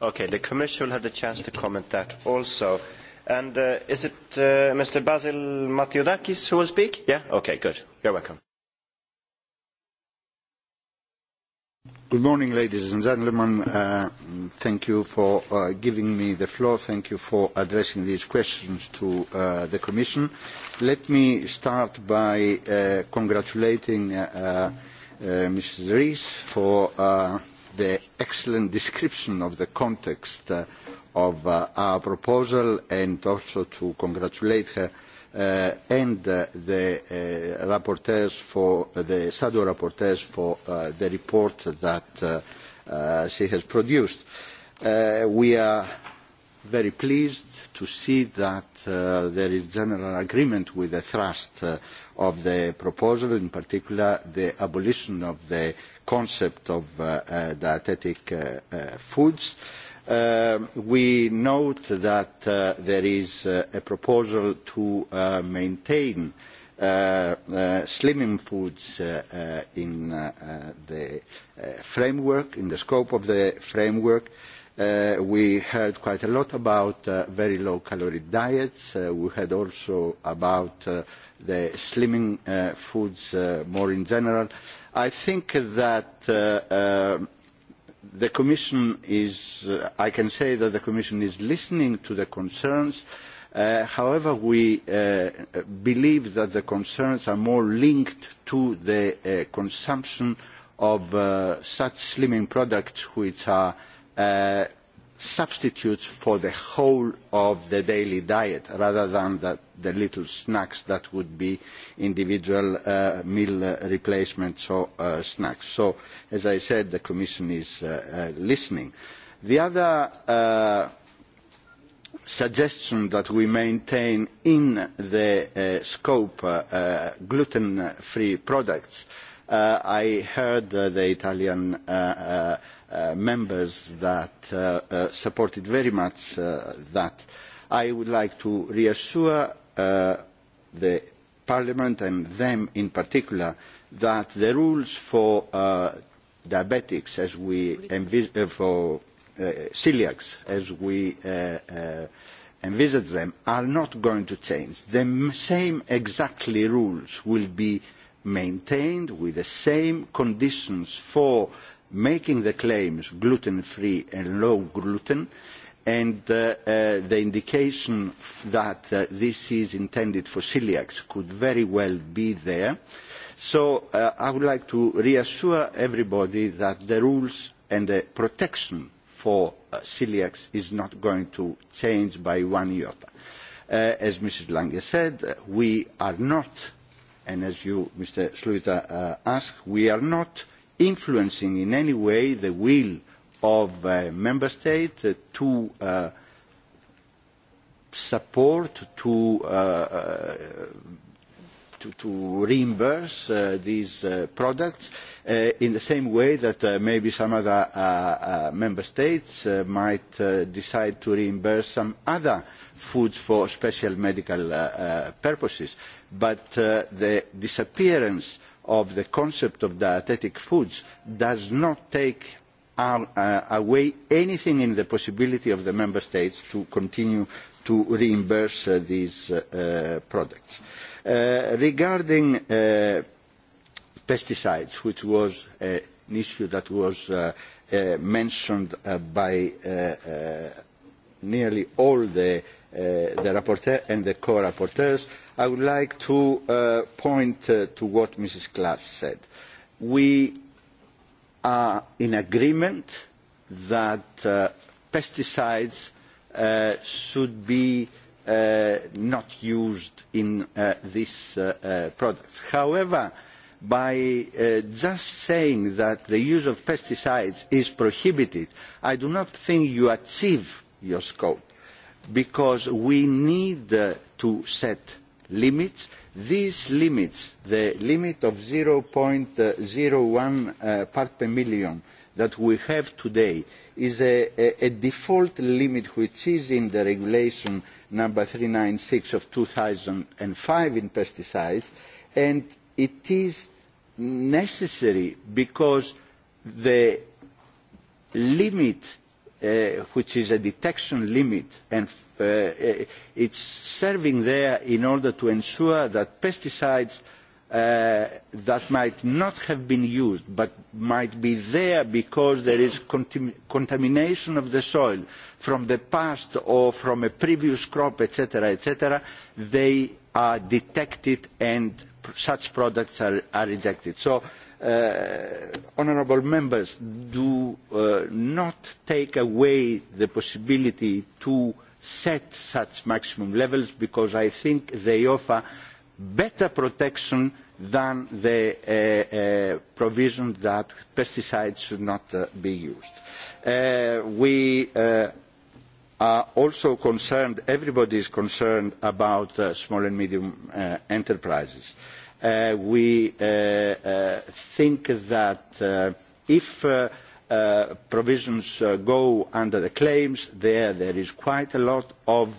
Okay, the Commission had the chance to comment that also. And uh, is it uh, Mr. Basil Matiodakis who will speak? Yeah? Okay, good. You're welcome. Good morning, ladies and gentlemen. Uh, thank you for uh, giving me the floor. Thank you for addressing these questions to uh, the Commission. Let me start by uh, congratulating uh, uh, Mrs. Rees for the excellent description of the context uh, of uh, our proposal and also to congratulate her uh, and uh, the uh, rapporteurs for uh, the shadow rapporteurs for the report that she has produced. we are very pleased to see that there is general agreement with the thrust of the proposal, in particular the abolition of the concept of uh, uh, dietetic uh, foods. we note that there is a proposal to maintain Uh, uh, slimming foods uh, in the framework, in the scope of the framework. we heard quite a lot about very low calorie diets. we heard also about the slimming foods more in general. Uh, I think that uh, uh, the Commission is, uh, I can say that the Commission is listening to the concerns. however, we believe that the concerns are more linked to the consumption of such slimming products which are substitutes for the whole of the daily diet rather than the, little snacks that would be individual uh, meal replacements or uh, snacks. So, as I said, the Commission is uh, uh, listening. The other uh, suggestion that we maintain in the scope gluten-free products, I heard the Italian Uh, members that uh, uh, supported very much that. I would like to reassure the Parliament and them in particular that the rules for diabetics as we for uh, celiacs as we uh, uh, envisage them are not going to change. The same exactly rules will be maintained with the same conditions for making the claims gluten-free and low gluten, and uh, uh, the indication that uh, this is intended for celiacs could very well be there. So uh, I would like to reassure everybody that the rules and the protection for uh, celiacs is not going to change by one iota. Uh, as Mrs. Lange said, we are not, and as you, Mr. Sluita, asked, we are not influencing in any way the will of a uh, member state uh, to uh, support, to, uh, uh, to, to, reimburse uh, these products in the same way that maybe some other member states might decide to reimburse some other foods for special medical purposes. But the disappearance of the concept of dietetic foods does not take um, uh, away anything in the possibility of the member states to continue to reimburse uh, these uh, uh products. Uh, regarding pesticides, which was an issue that was mentioned by nearly all the Uh, the rapporteur and the co-rapporteurs. I would like to uh, point uh, to what Mrs. Klass said. We are in agreement that pesticides should be Uh, not used in uh, these uh, products. However, by just saying that the use of pesticides is prohibited, I do not think you achieve your scope because we need to set limits. These limits, the limit of 0.01 uh, uh, part per million that we have today is a, a, a default limit which is in the regulation number 396 of 2005 in pesticides and it is necessary because the limit Uh, which is a detection limit and uh, uh, it's serving there in order to ensure that pesticides uh, that might not have been used but might be there because there is contamination of the soil from the past or from a previous crop, etc., etc., they are detected and such products are, are rejected. So Uh, honourable members do uh, not take away the possibility to set such maximum levels because I think they offer better protection than the uh, uh provision that pesticides should not uh, be used. we are also concerned, everybody is concerned about small and medium enterprises Uh, we uh, uh, think that if provisions go under the claims there there is quite a lot of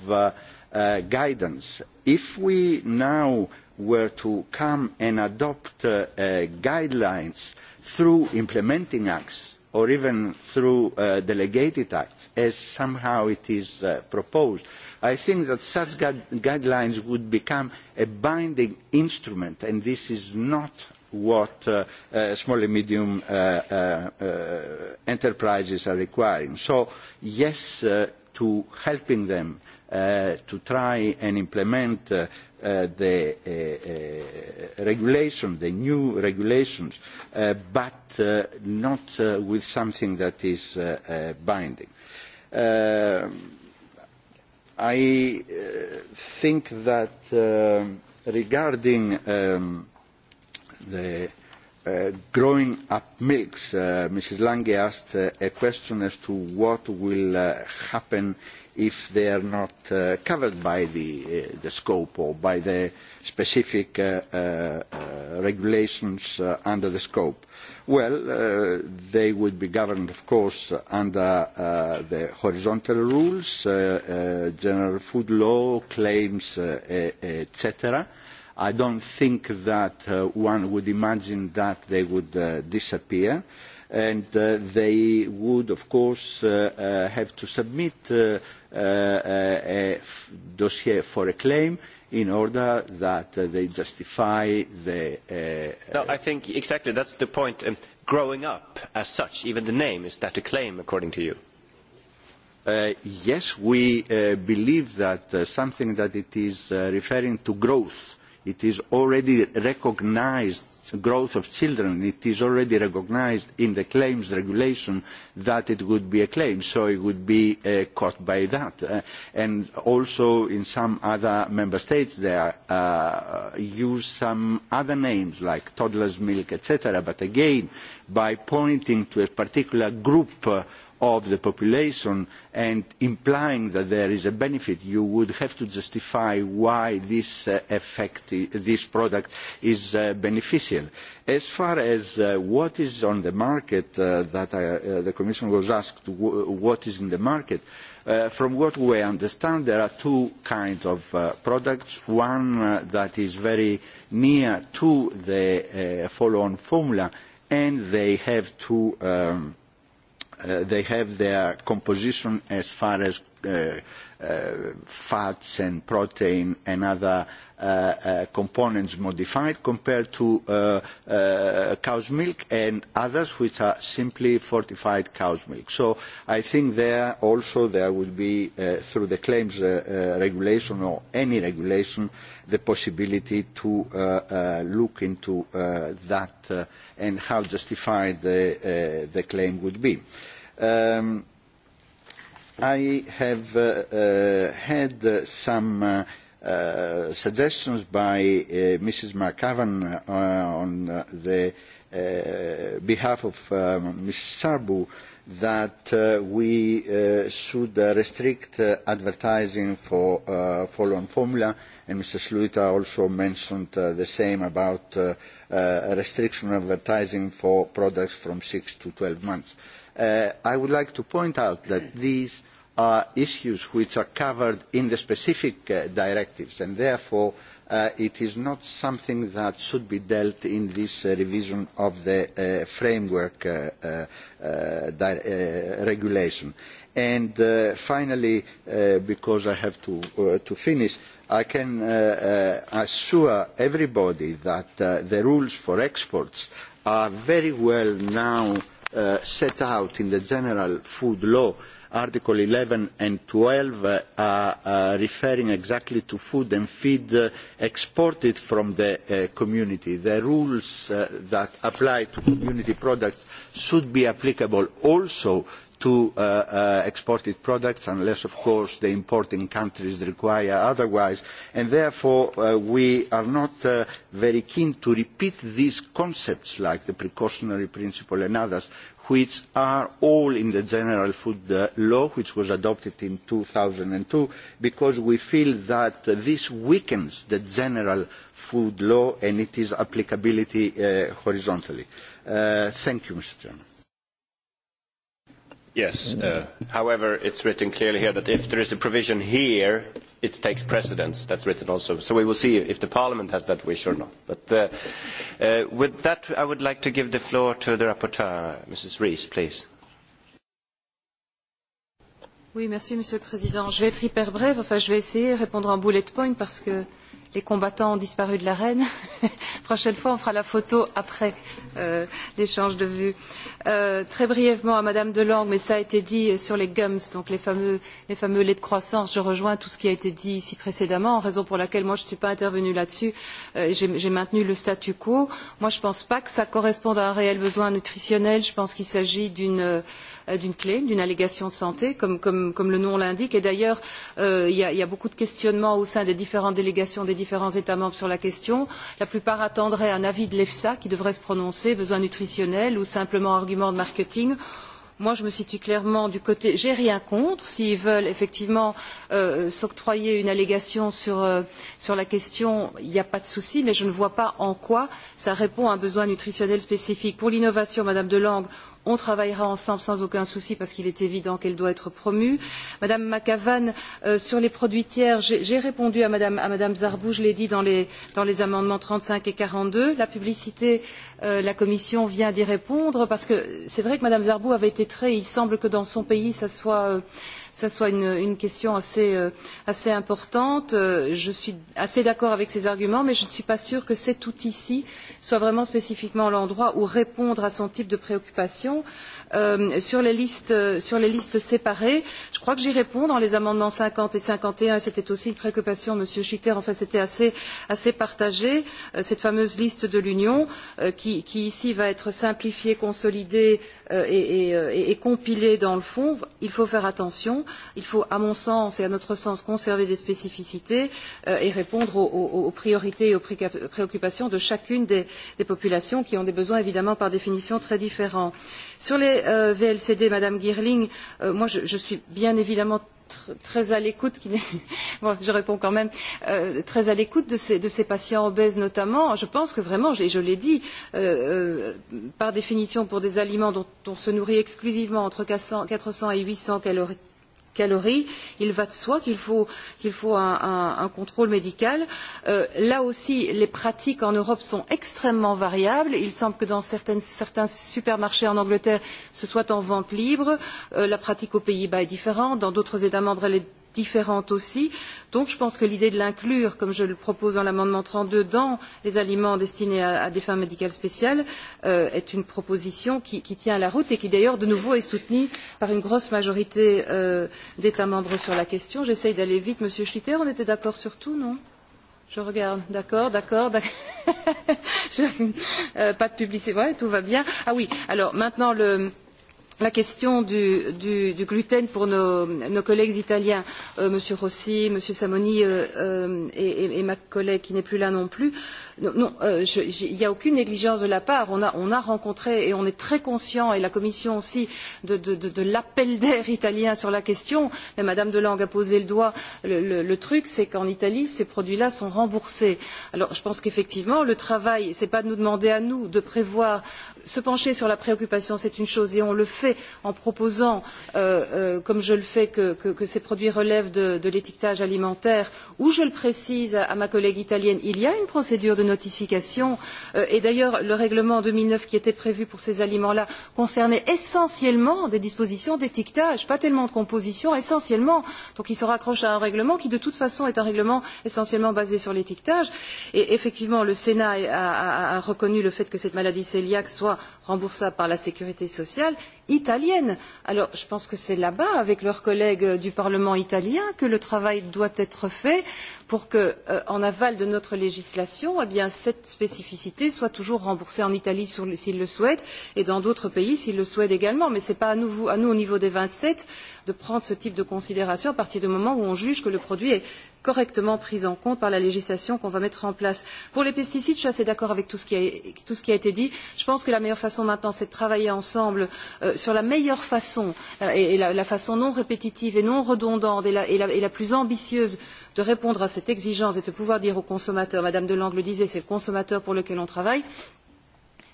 guidance. if we now were to come and adopt guidelines through implementing acts or even through uh, delegated acts, as somehow it is uh, proposed, I think that such gu guidelines would become a binding instrument, and this is not what uh, uh small and medium uh, uh, enterprises are requiring. So, yes to helping them Uh, to try and implement uh, uh, the uh, uh, regulation, the new regulations, but not with something that is binding. I think that regarding um, the growing up milks, Mrs. Lange asked a question as to what will happen if they are not uh, covered by the, uh, the, scope or by the specific uh, uh, uh regulations uh, under the scope? Well, they would be governed, of course, under the horizontal rules, general food law, claims, etc. I don't think that one would imagine that they would disappear and uh, they would, of course, uh, uh, have to submit Uh, uh, a dossier for a claim in order that uh, they justify the... no, I think exactly that's the point. Um, growing up as such, even the name, is that a claim according to you? Uh, yes, we uh, believe that uh, something that it is uh, referring to growth it is already recognised growth of children it is already recognised in the claims regulation that it would be a claim so it would be uh, caught by that uh, and also in some other member states they are, uh, use some other names like toddler's milk etc but again by pointing to a particular group uh, of the population and implying that there is a benefit, you would have to justify why this, uh, effect, this product is uh, beneficial. As far as uh, what is on the market uh, that I, uh, the Commission was asked what is in the market, uh, from what we understand, there are two kinds of products. One that is very near to the follow-on formula, and they have to um, Uh, they have their composition as far as uh, uh, fats and protein and other uh, uh, components modified compared to cow's milk and others which are simply fortified cow's milk. So I think there also there will be, through the claims regulation or any regulation, the possibility to look into that and how justified the, the claim would be. Uh, Um, I have uh, uh, had some uh, uh suggestions by uh, Mrs. McAvan uh, on the behalf of Ms. Sarbu that we should restrict advertising for uh, follow-on formula, and Mr. Sluita also mentioned the same about restriction of advertising for products from 6 to 12 months. Uh, I would like to point out that these are issues which are covered in the specific uh, directives and therefore uh, it is not something that should be dealt in this uh, revision of the uh, framework regulation. And finally, because I have to, to finish, I can assure everybody that the rules for exports are very well now Uh, set out in the general food law, Article 11 and 12 uh, uh, referring exactly to food and feed uh, exported from the uh, community. The rules that apply to community products should be applicable also to uh, uh, exported products unless, of course, the importing countries require otherwise. And therefore, uh, we are not very keen to repeat these concepts like the precautionary principle and others, which are all in the general food law, which was adopted in 2002, because we feel that this weakens the general food law and its applicability horizontally. thank you, Mr. Chairman. Yes. Uh, however, it's written clearly here that if there is a provision here, it takes precedence. That's written also. So we will see if the Parliament has that wish or not. But uh, uh, with that, I would like to give the floor to the rapporteur, Mrs. Rees, please. Oui, merci, Monsieur le Président. Je vais être hyper brève. Enfin, je vais essayer de répondre en bullet point parce que les combattants ont disparu de l'arène. Prochaine fois, on fera la photo après euh, l'échange de vues. Euh, très brièvement à Madame Delangue, mais ça a été dit sur les gums, donc les fameux, les fameux laits de croissance. Je rejoins tout ce qui a été dit ici précédemment, en raison pour laquelle moi je ne suis pas intervenue là-dessus. Euh, J'ai maintenu le statu quo. Moi, je ne pense pas que ça corresponde à un réel besoin nutritionnel. Je pense qu'il s'agit d'une euh, Euh, d'une clé, d'une allégation de santé, comme, comme, comme le nom l'indique. Et d'ailleurs, euh, il, y a, y a beaucoup de questionnements au sein des différentes délégations des différents États membres sur la question. La plupart attendraient un avis de l'EFSA qui devrait se prononcer, besoin nutritionnel ou simplement argument de marketing. Moi, je me situe clairement du côté. J'ai rien contre s'ils veulent effectivement euh, s'octroyer une allégation sur, euh, sur la question. Il n'y a pas de souci, mais je ne vois pas en quoi ça répond à un besoin nutritionnel spécifique. Pour l'innovation, Madame Delangue, On travaillera ensemble sans aucun souci parce qu'il est évident qu'elle doit être promue. Madame McAvan, euh, sur les produits tiers, j'ai répondu à Madame, à Madame Zarbou, je l'ai dit dans les, dans les amendements 35 et 42. La publicité, euh, la Commission vient d'y répondre parce que c'est vrai que Madame Zarbou avait été très, il semble que dans son pays, ça soit. Euh, ça soit une, une question assez, euh, assez importante. Euh, je suis assez d'accord avec ces arguments, mais je ne suis pas sûre que cet outil-ci soit vraiment spécifiquement l'endroit où répondre à son type de préoccupation. Euh, euh, sur, les listes, sur les listes séparées. Je crois que j'y réponds dans les amendements 50 et 51. C'était aussi une préoccupation, Monsieur Schitter. Enfin, c'était assez, assez partagé. Euh, cette fameuse liste de l'Union euh, qui, qui ici va être simplifiée, consolidée euh, et, euh, et, et compilée dans le fond. Il faut faire attention. Il faut, à mon sens et à notre sens, conserver des spécificités euh, et répondre aux, aux, aux priorités et aux pré préoccupations de chacune des, des populations qui ont des besoins évidemment par définition très différents. Sur les euh, VLCD, Madame Girling, euh, moi je, je suis bien évidemment très à l'écoute, bon, je réponds quand même, euh, très à l'écoute de ces, de ces patients obèses notamment. Je pense que vraiment, et je l'ai dit, euh, euh, par définition pour des aliments dont on se nourrit exclusivement entre 400 et 800 calories calories. Il va de soi qu'il faut, qu faut un, un, un contrôle médical. Euh, là aussi, les pratiques en Europe sont extrêmement variables. Il semble que dans certaines, certains supermarchés en Angleterre, ce soit en vente libre. Euh, la pratique aux Pays-Bas est différente. Dans d'autres États membres, elle est différentes aussi. Donc je pense que l'idée de l'inclure, comme je le propose dans l'amendement 32, dans les aliments destinés à, à des fins médicales spéciales euh, est une proposition qui, qui tient la route et qui d'ailleurs de nouveau est soutenue par une grosse majorité euh, d'États membres sur la question. J'essaye d'aller vite. Monsieur Schlitter, on était d'accord sur tout, non je regarde, d'accord, d'accord, d'accord. je... euh, pas de publicité, ouais, tout va bien. Ah oui, alors maintenant le, la question du, du, du gluten pour nos, nos collègues italiens, euh, Monsieur Rossi, Monsieur Samoni euh, euh, et, et, et ma collègue qui n'est plus là non plus. Non, non euh, il n'y a aucune négligence de la part. On a, on a rencontré et on est très conscient, et la Commission aussi, de, de, de, de l'appel d'air italien sur la question. Mais Madame Delangue a posé le doigt. Le, le, le truc, c'est qu'en Italie, ces produits-là sont remboursés. Alors, je pense qu'effectivement, le travail, c'est pas de nous demander à nous de prévoir se pencher sur la préoccupation, c'est une chose, et on le fait en proposant, euh, euh, comme je le fais, que, que, que ces produits relèvent de, de l'étiquetage alimentaire, où je le précise à, à ma collègue italienne, il y a une procédure de notification. Euh, et d'ailleurs, le règlement deux mille neuf qui était prévu pour ces aliments-là concernait essentiellement des dispositions d'étiquetage, pas tellement de composition, essentiellement. Donc il se raccroche à un règlement qui, de toute façon, est un règlement essentiellement basé sur l'étiquetage. Et effectivement, le Sénat a, a, a reconnu le fait que cette maladie cœliaque soit remboursable par la sécurité sociale italienne. Alors je pense que c'est là-bas, avec leurs collègues du Parlement italien, que le travail doit être fait pour que, euh, en aval de notre législation, eh bien, cette spécificité soit toujours remboursée en Italie s'ils le souhaitent et dans d'autres pays s'ils le souhaitent également. Mais ce n'est pas à nous, à nous, au niveau des vingt sept de prendre ce type de considération à partir du moment où on juge que le produit est correctement prises en compte par la législation qu'on va mettre en place. Pour les pesticides, je suis assez d'accord avec tout ce, qui a, tout ce qui a été dit. Je pense que la meilleure façon maintenant, c'est de travailler ensemble euh, sur la meilleure façon euh, et, et la, la façon non répétitive et non redondante et la, et la, et la plus ambitieuse de répondre à cette exigence et de pouvoir dire aux consommateurs, Madame Delangle le disait, c'est le consommateur pour lequel on travaille,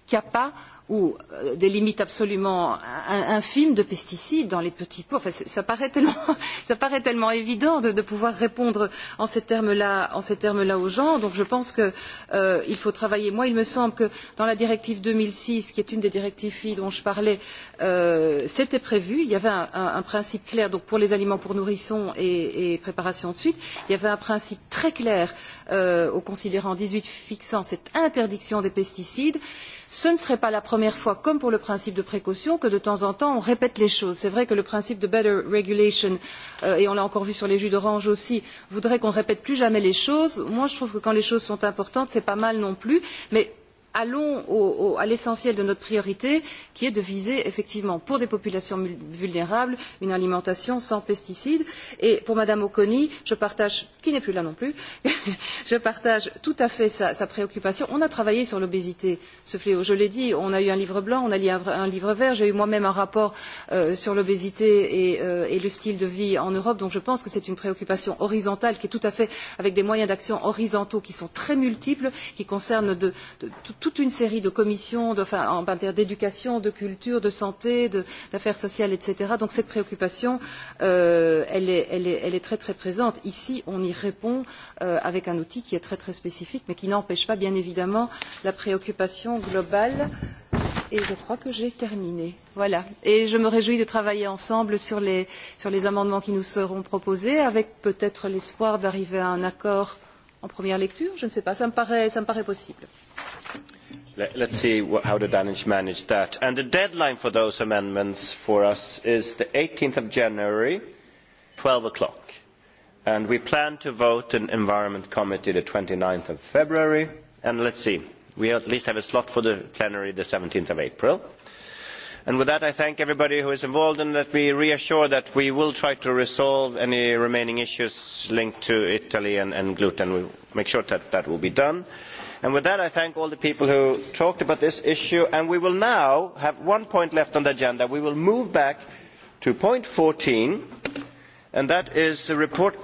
qu'il n'y a pas ou euh, des limites absolument infimes de pesticides dans les petits pots. Enfin, ça, paraît tellement, ça paraît tellement évident de, de pouvoir répondre en ces termes-là termes aux gens. Donc je pense qu'il euh, faut travailler. Moi, il me semble que dans la directive 2006, qui est une des directives filles dont je parlais, euh, c'était prévu. Il y avait un, un, un principe clair donc pour les aliments pour nourrissons et, et préparation de suite. Il y avait un principe très clair euh, au considérant 18 fixant cette interdiction des pesticides. Ce ne serait pas la première première fois comme pour le principe de précaution que de temps en temps on répète les choses. c'est vrai que le principe de better regulation euh, et on l'a encore vu sur les jus d'orange aussi voudrait qu'on ne répète plus jamais les choses. moi je trouve que quand les choses sont importantes c'est pas mal non plus mais allons à l'essentiel de notre priorité, qui est de viser effectivement pour des populations vulnérables une alimentation sans pesticides. Et pour mme auconie je partage, qui n'est plus là non plus, je partage tout à fait sa, préoccupation. On a travaillé sur l'obésité, ce fléau. Je l'ai dit, on a eu un livre blanc, on a eu un, livre vert. J'ai eu moi-même un rapport euh, sur l'obésité et, euh, et le style de vie en Europe. Donc je pense que c'est une préoccupation horizontale qui est tout à fait avec des moyens d'action horizontaux qui sont très multiples, qui concernent de, de, de toute une série de commissions de, enfin, en matière d'éducation, de culture, de santé, d'affaires sociales, etc. Donc cette préoccupation, euh, elle, est, elle, est, elle est très très présente. Ici, on y répond euh, avec un outil qui est très très spécifique, mais qui n'empêche pas bien évidemment la préoccupation globale. Et je crois que j'ai terminé. Voilà. Et je me réjouis de travailler ensemble sur les, sur les amendements qui nous seront proposés, avec peut-être l'espoir d'arriver à un accord en première lecture. Je ne sais pas. Ça me paraît, ça me paraît possible let us see how the Danish manage that. And the deadline for those amendments for us is the 18th of January, 12 o'clock. And we plan to vote in Environment Committee the 29th of February. And let's see, we at least have a slot for the plenary the 17th of April. And with that, I thank everybody who is involved and that we reassure that we will try to resolve any remaining issues linked to Italy and, and gluten. We'll make sure that that will be done. And with that i thank all the people who talked about this issue and we will now have one point left on the agenda. we will move back to point fourteen and that is the report,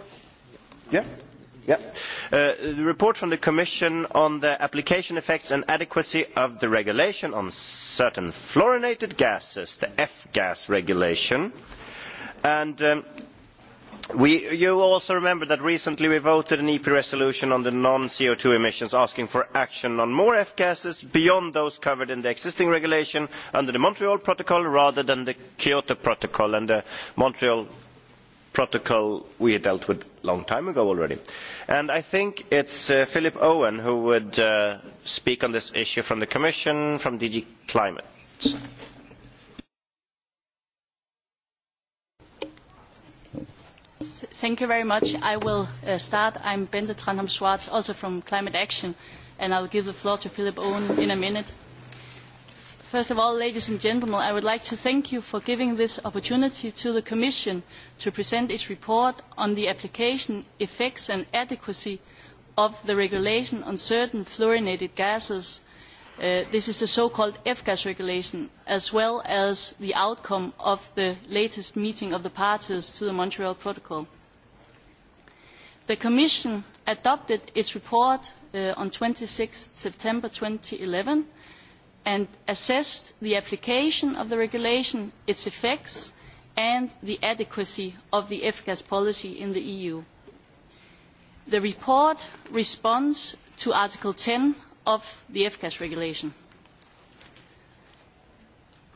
yeah? Yeah. Uh, the report from the commission on the application effects and adequacy of the regulation on certain fluorinated gases the f gas regulation and um, you you also remember that recently we voted an ep resolution on the non co two emissions asking for action on more f gases beyond those covered in the existing regulation under the montreal protocol rather than the kyoto protocol and the montreal protocol we had dealt with a long time ago already. And I think it's uh, Philip Owen who would uh, speak on this issue from the Commission, from DG Climate. Thank you very much. I will uh, start. I'm Bente Tranham Schwartz, also from Climate Action, and I'll give the floor to Philip Owen in a minute. First of all, ladies and gentlemen, I would like to thank you for giving this opportunity to the Commission to present its report on the application, effects and adequacy of the regulation on certain fluorinated gases. Uh, this is the so-called F-gas regulation, as well as the outcome of the latest meeting of the parties to the Montreal Protocol. The Commission adopted its report uh, on 26 September 2011 and assessed the application of the regulation, its effects and the adequacy of the FCAS policy in the EU. The report responds to Article 10 of the FCAS regulation.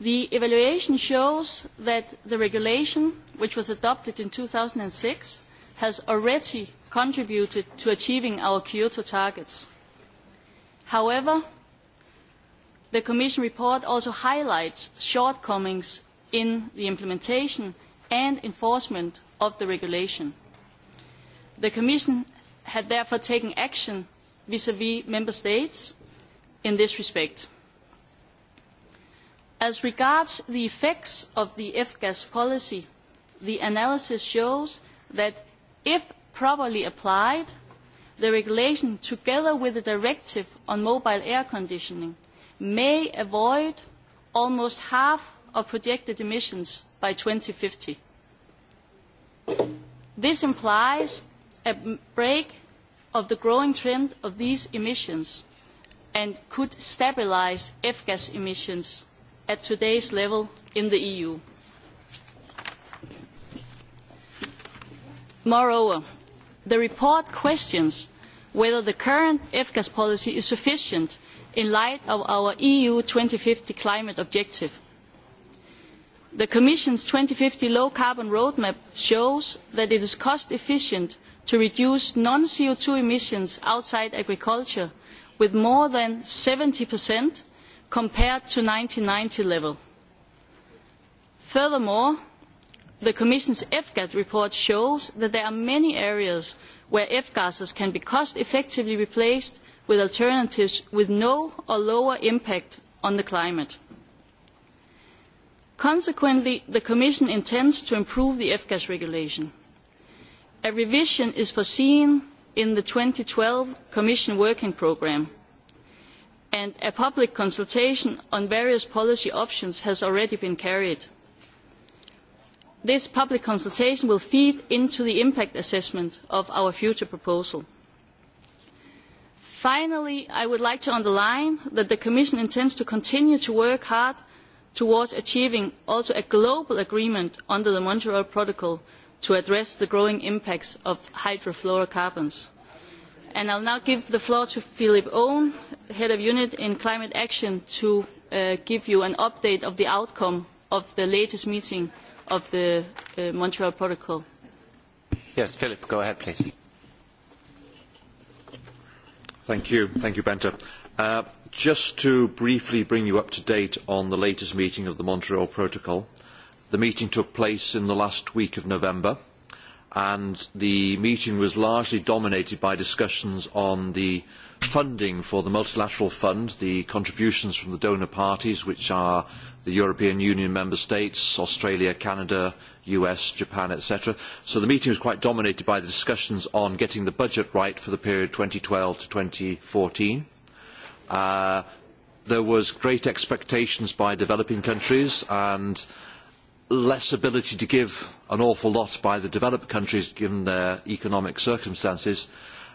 The evaluation shows that the regulation, which was adopted in 2006, has already contributed to achieving our Kyoto targets. However, the Commission report also highlights shortcomings in the implementation and enforcement of the regulation. The Commission had therefore taken action vis-à-vis -vis Member States in this respect. As regards the effects of the F-gas policy, the analysis shows that If properly applied, the regulation, together with the directive on mobile air conditioning, may avoid almost half of projected emissions by 2050. This implies a break of the growing trend of these emissions and could stabilise F-gas emissions at today's level in the EU. Moreover, the report questions whether the current FCAS policy is sufficient in light of our EU 2050 climate objective. The Commission's 2050 low-carbon roadmap shows that it is cost-efficient to reduce non-CO2 emissions outside agriculture with more than 70% compared to 1990 level. Furthermore, the Commission's FGAT report shows that there are many areas where F-gases can be cost-effectively replaced with alternatives with no or lower impact on the climate. Consequently, the Commission intends to improve the F-gas regulation. A revision is foreseen in the 2012 Commission Working Programme, and a public consultation on various policy options has already been carried out This public consultation will feed into the impact assessment of our future proposal. Finally, I would like to underline that the Commission intends to continue to work hard towards achieving also a global agreement under the Montreal Protocol to address the growing impacts of hydrofluorocarbons. And I'll now give the floor to Philip Owen, Head of Unit in Climate Action, to uh, give you an update of the outcome of the latest meeting of the uh, Montreal Protocol. Yes, Philip, go ahead, please. Thank you, thank you, Benta. Uh, just to briefly bring you up to date on the latest meeting of the Montreal Protocol. The meeting took place in the last week of November and the meeting was largely dominated by discussions on the funding for the multilateral fund, the contributions from the donor parties, which are the European Union member states, Australia, Canada, US, Japan, etc. So the meeting was quite dominated by the discussions on getting the budget right for the period 2012 to 2014. Uh, there was great expectations by developing countries and uh, less ability to give an awful lot by the developed countries given their economic circumstances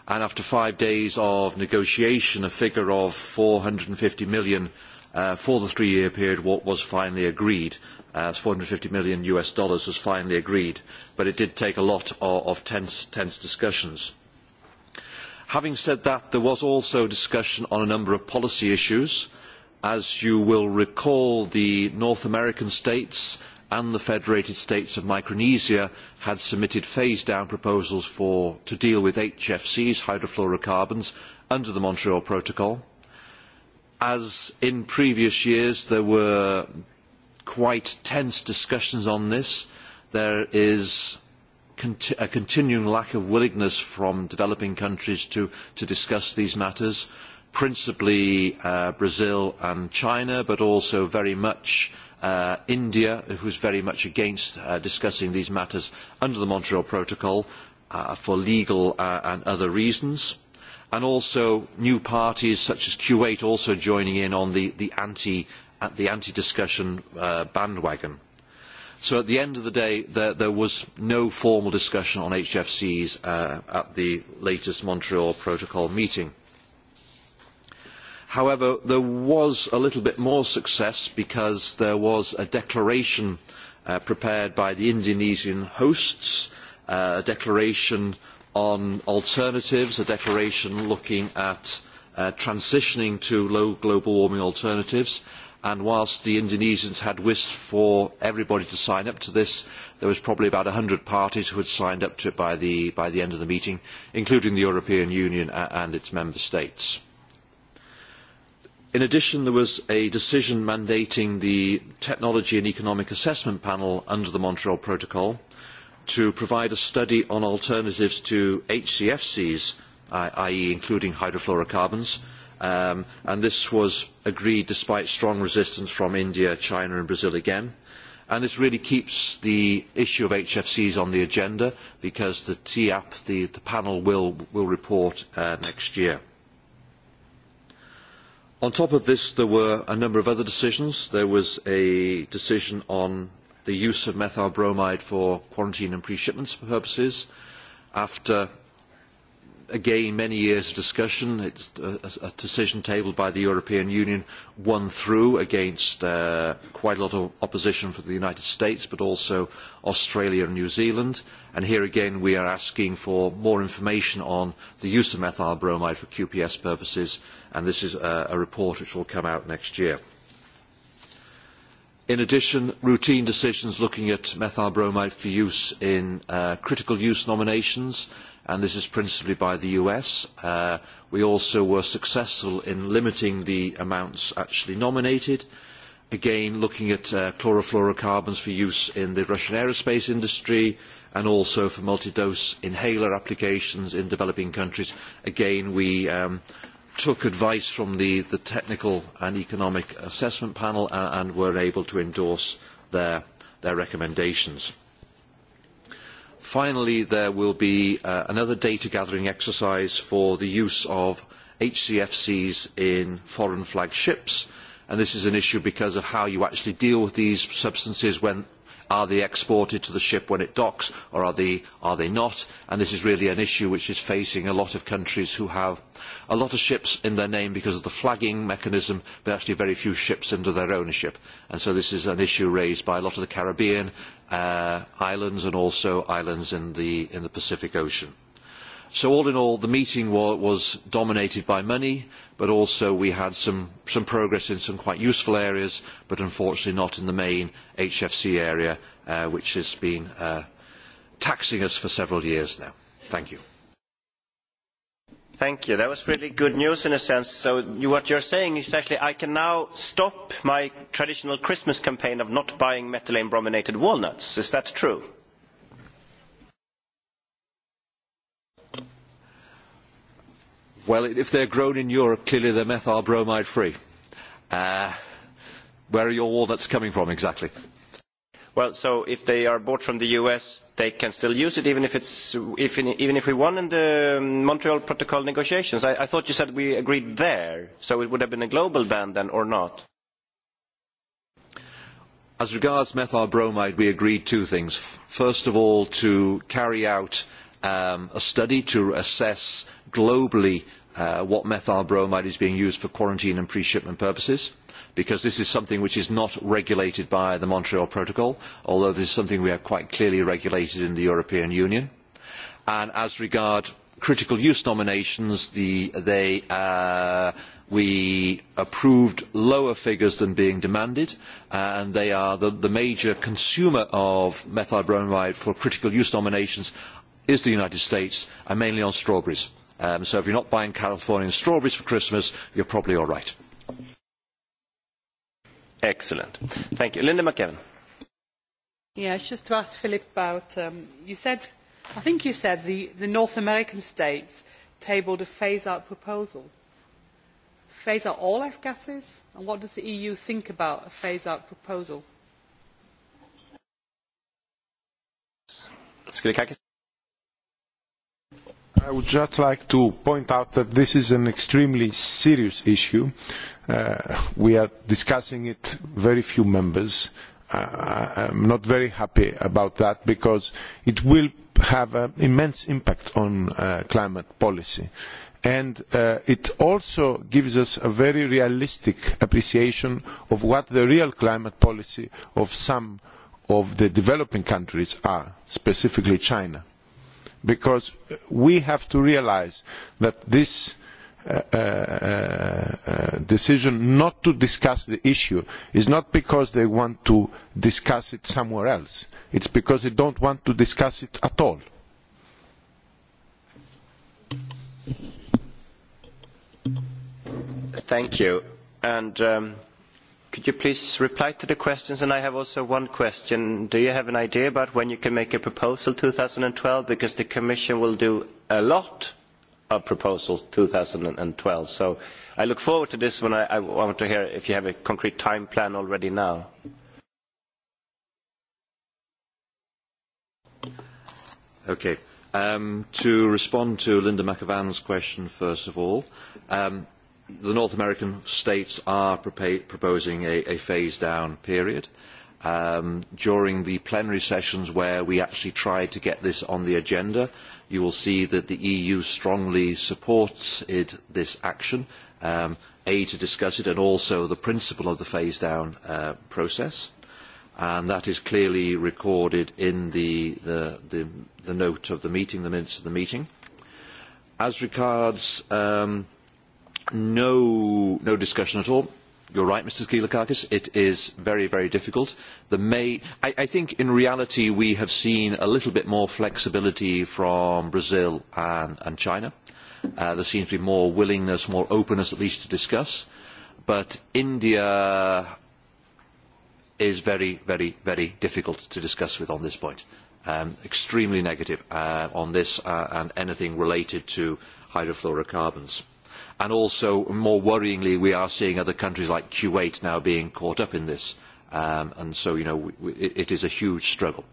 and after five days of negotiation a figure of 450 million uh, for the three-year period was finally agreed. as uh, 450 million US dollars was finally agreed, but it did take a lot of, of tense, tense discussions. Having said that, there was also discussion on a number of policy issues. As you will recall, the North American states and the Federated States of Micronesia had submitted phase-down proposals for, to deal with HFCs, hydrofluorocarbons, under the Montreal Protocol. As in previous years, there were quite tense discussions on this. There is a continuing lack of willingness from developing countries to, to discuss these matters, principally uh, Brazil and China, but also very much Uh, India, who is very much against uh, discussing these matters under the Montreal Protocol uh, for legal uh, and other reasons, and also new parties such as Kuwait also joining in on the, the uh, anti-discussion anti uh, bandwagon. So at the end of the day, there, there was no formal discussion on HFCs at the latest Montreal Protocol meeting. However, there was a little bit more success because there was a declaration uh, prepared by the Indonesian hosts, uh, a declaration on alternatives, a declaration looking at uh, transitioning to low global warming alternatives. And whilst the Indonesians had wished for everybody to sign up to this, there was probably about 100 parties who had signed up to it by the, by the end of the meeting, including the European Union uh, and its member states. In addition, there was a decision mandating the Technology and Economic Assessment Panel under the Montreal Protocol to provide a study on alternatives to HCFCs, i.e. including hydrofluorocarbons, um, and this was agreed despite strong resistance from India, China and Brazil again. And this really keeps the issue of HFCs on the agenda because the TAP, the, the panel, will, will report uh, next year. On top of this, there were a number of other decisions. There was a decision on the use of methyl bromide for quarantine and pre-shipment purposes after again, many years of discussion. It's a, a decision tabled by the European Union, won through against uh, quite a lot of opposition from the United States, but also Australia and New Zealand. And here again, we are asking for more information on the use of methyl bromide for QPS purposes, and this is a, a report which will come out next year. In addition, routine decisions looking at methyl bromide for use in uh, critical use nominations and this is principally by the US. Uh, we also were successful in limiting the amounts actually nominated. Again, looking at uh, chlorofluorocarbons for use in the Russian aerospace industry and also for multi-dose inhaler applications in developing countries. Again, we um, took advice from the, the, technical and economic assessment panel and, and were able to endorse their, their recommendations. Finally, there will be uh, another data gathering exercise for the use of HCFCs in foreign flagged ships. And this is an issue because of how you actually deal with these substances when are they exported to the ship when it docks or are they, are they not? And this is really an issue which is facing a lot of countries who have a lot of ships in their name because of the flagging mechanism, but actually very few ships under their ownership. And so this is an issue raised by a lot of the Caribbean uh, islands and also islands in the, in the Pacific Ocean. So all in all, the meeting was dominated by money but also we had some, some progress in some quite useful areas, but unfortunately not in the main HFC area, uh, which has been uh, taxing us for several years now. Thank you. Thank you. That was really good news in a sense. So you, what you're saying is actually I can now stop my traditional Christmas campaign of not buying methylene brominated walnuts. Is that true? Well, if they're grown in Europe, clearly they're methyl bromide free. Uh, where are your walnuts coming from exactly? Well, so if they are bought from the US, they can still use it, even if, it's, if in, even if we won in the Montreal Protocol negotiations. I, I thought you said we agreed there, so it would have been a global ban then, or not? As regards methyl bromide, we agreed two things. First of all, to carry out um, a study to assess globally Uh, what methyl bromide is being used for quarantine and pre-shipment purposes because this is something which is not regulated by the Montreal Protocol, although this is something we have quite clearly regulated in the European Union. And as regard critical use nominations, the, they, uh, we approved lower figures than being demanded, and they are the, the major consumer of methyl bromide for critical use nominations is the United States, and mainly on strawberries. Um, so if you're not buying Californian strawberries for Christmas, you're probably all right. Excellent. Thank you. Linda McKevin. Yeah, it's just to ask Philip about, um, you said, I think you said the, the North American states tabled a phase-out proposal. Phase-out all F-gases? And what does the EU think about a phase-out proposal? Skilakakis? I would just like to point out that this is an extremely serious issue. Uh, we are discussing it very few members. Uh, I'm not very happy about that because it will have an immense impact on uh, climate policy. And uh, it also gives us a very realistic appreciation of what the real climate policy of some of the developing countries are, specifically China because we have to realise that this uh, uh, uh, decision not to discuss the issue is not because they want to discuss it somewhere else. It's because they don't want to discuss it at all. Thank you. And um, could you please reply to the questions? And I have also one question. Do you have an idea about when you can make a proposal 2012? Because the Commission will do a lot of proposals 2012. So I look forward to this one. I, I want to hear if you have a concrete time plan already now. Okay. Um, to respond to Linda McAvan's question, first of all, um, the North American states are proposing a, a phase-down period. Um, during the plenary sessions where we actually tried to get this on the agenda, you will see that the EU strongly supports it, this action, um, A, to discuss it, and also the principle of the phase-down uh, process. And that is clearly recorded in the, the, the, the, note of the meeting, the minutes of the meeting. As regards... Um, no, no discussion at all. You're right, Mr. Skilakakis. It is very, very difficult. The May, I, I think in reality we have seen a little bit more flexibility from Brazil and, and China. Uh, there seems to be more willingness, more openness at least to discuss. But India is very, very, very difficult to discuss with on this point. Um, extremely negative uh, on this uh, and anything related to hydrofluorocarbons. And also, more worryingly, we are seeing other countries like Kuwait now being caught up in this. Um, and so, you know, we, we, it is a huge struggle.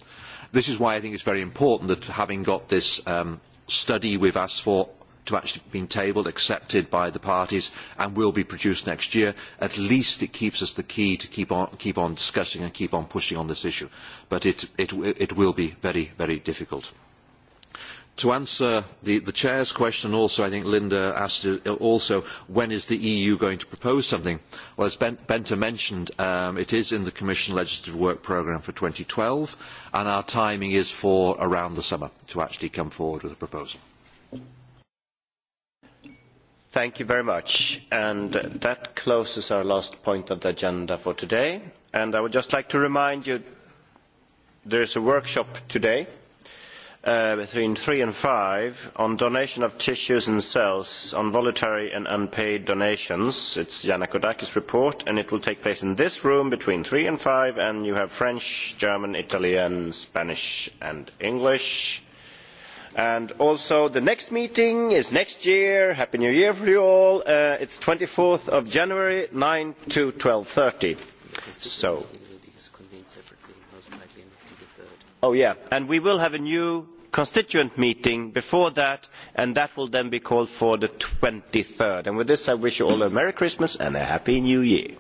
This is why I think it's very important that having got this um, study we've asked for to actually been tabled, accepted by the parties, and will be produced next year. At least it keeps us the key to keep on, keep on discussing and keep on pushing on this issue. But it, it, it will be very, very difficult to answer the, the chair's question also, I think Linda asked also, when is the EU going to propose something? Well, as ben, Benta mentioned, um, it is in the Commission Legislative Work Programme for 2012, and our timing is for around the summer to actually come forward with a proposal. Thank you very much. And that closes our last point on the agenda for today. And I would just like to remind you there is a workshop today Uh, between three and five on donation of tissues and cells on voluntary and unpaid donations. It's Yanakodakis' report, and it will take place in this room between three and five. and you have French, German, Italian, Spanish, and English. And also, the next meeting is next year. Happy New Year for you all. Uh, it's 24th of January, 9 to 12.30. So. Oh, yeah. And we will have a new constituent meeting before that and that will then be called for the 23rd. And with this I wish you all a Merry Christmas and a Happy New Year.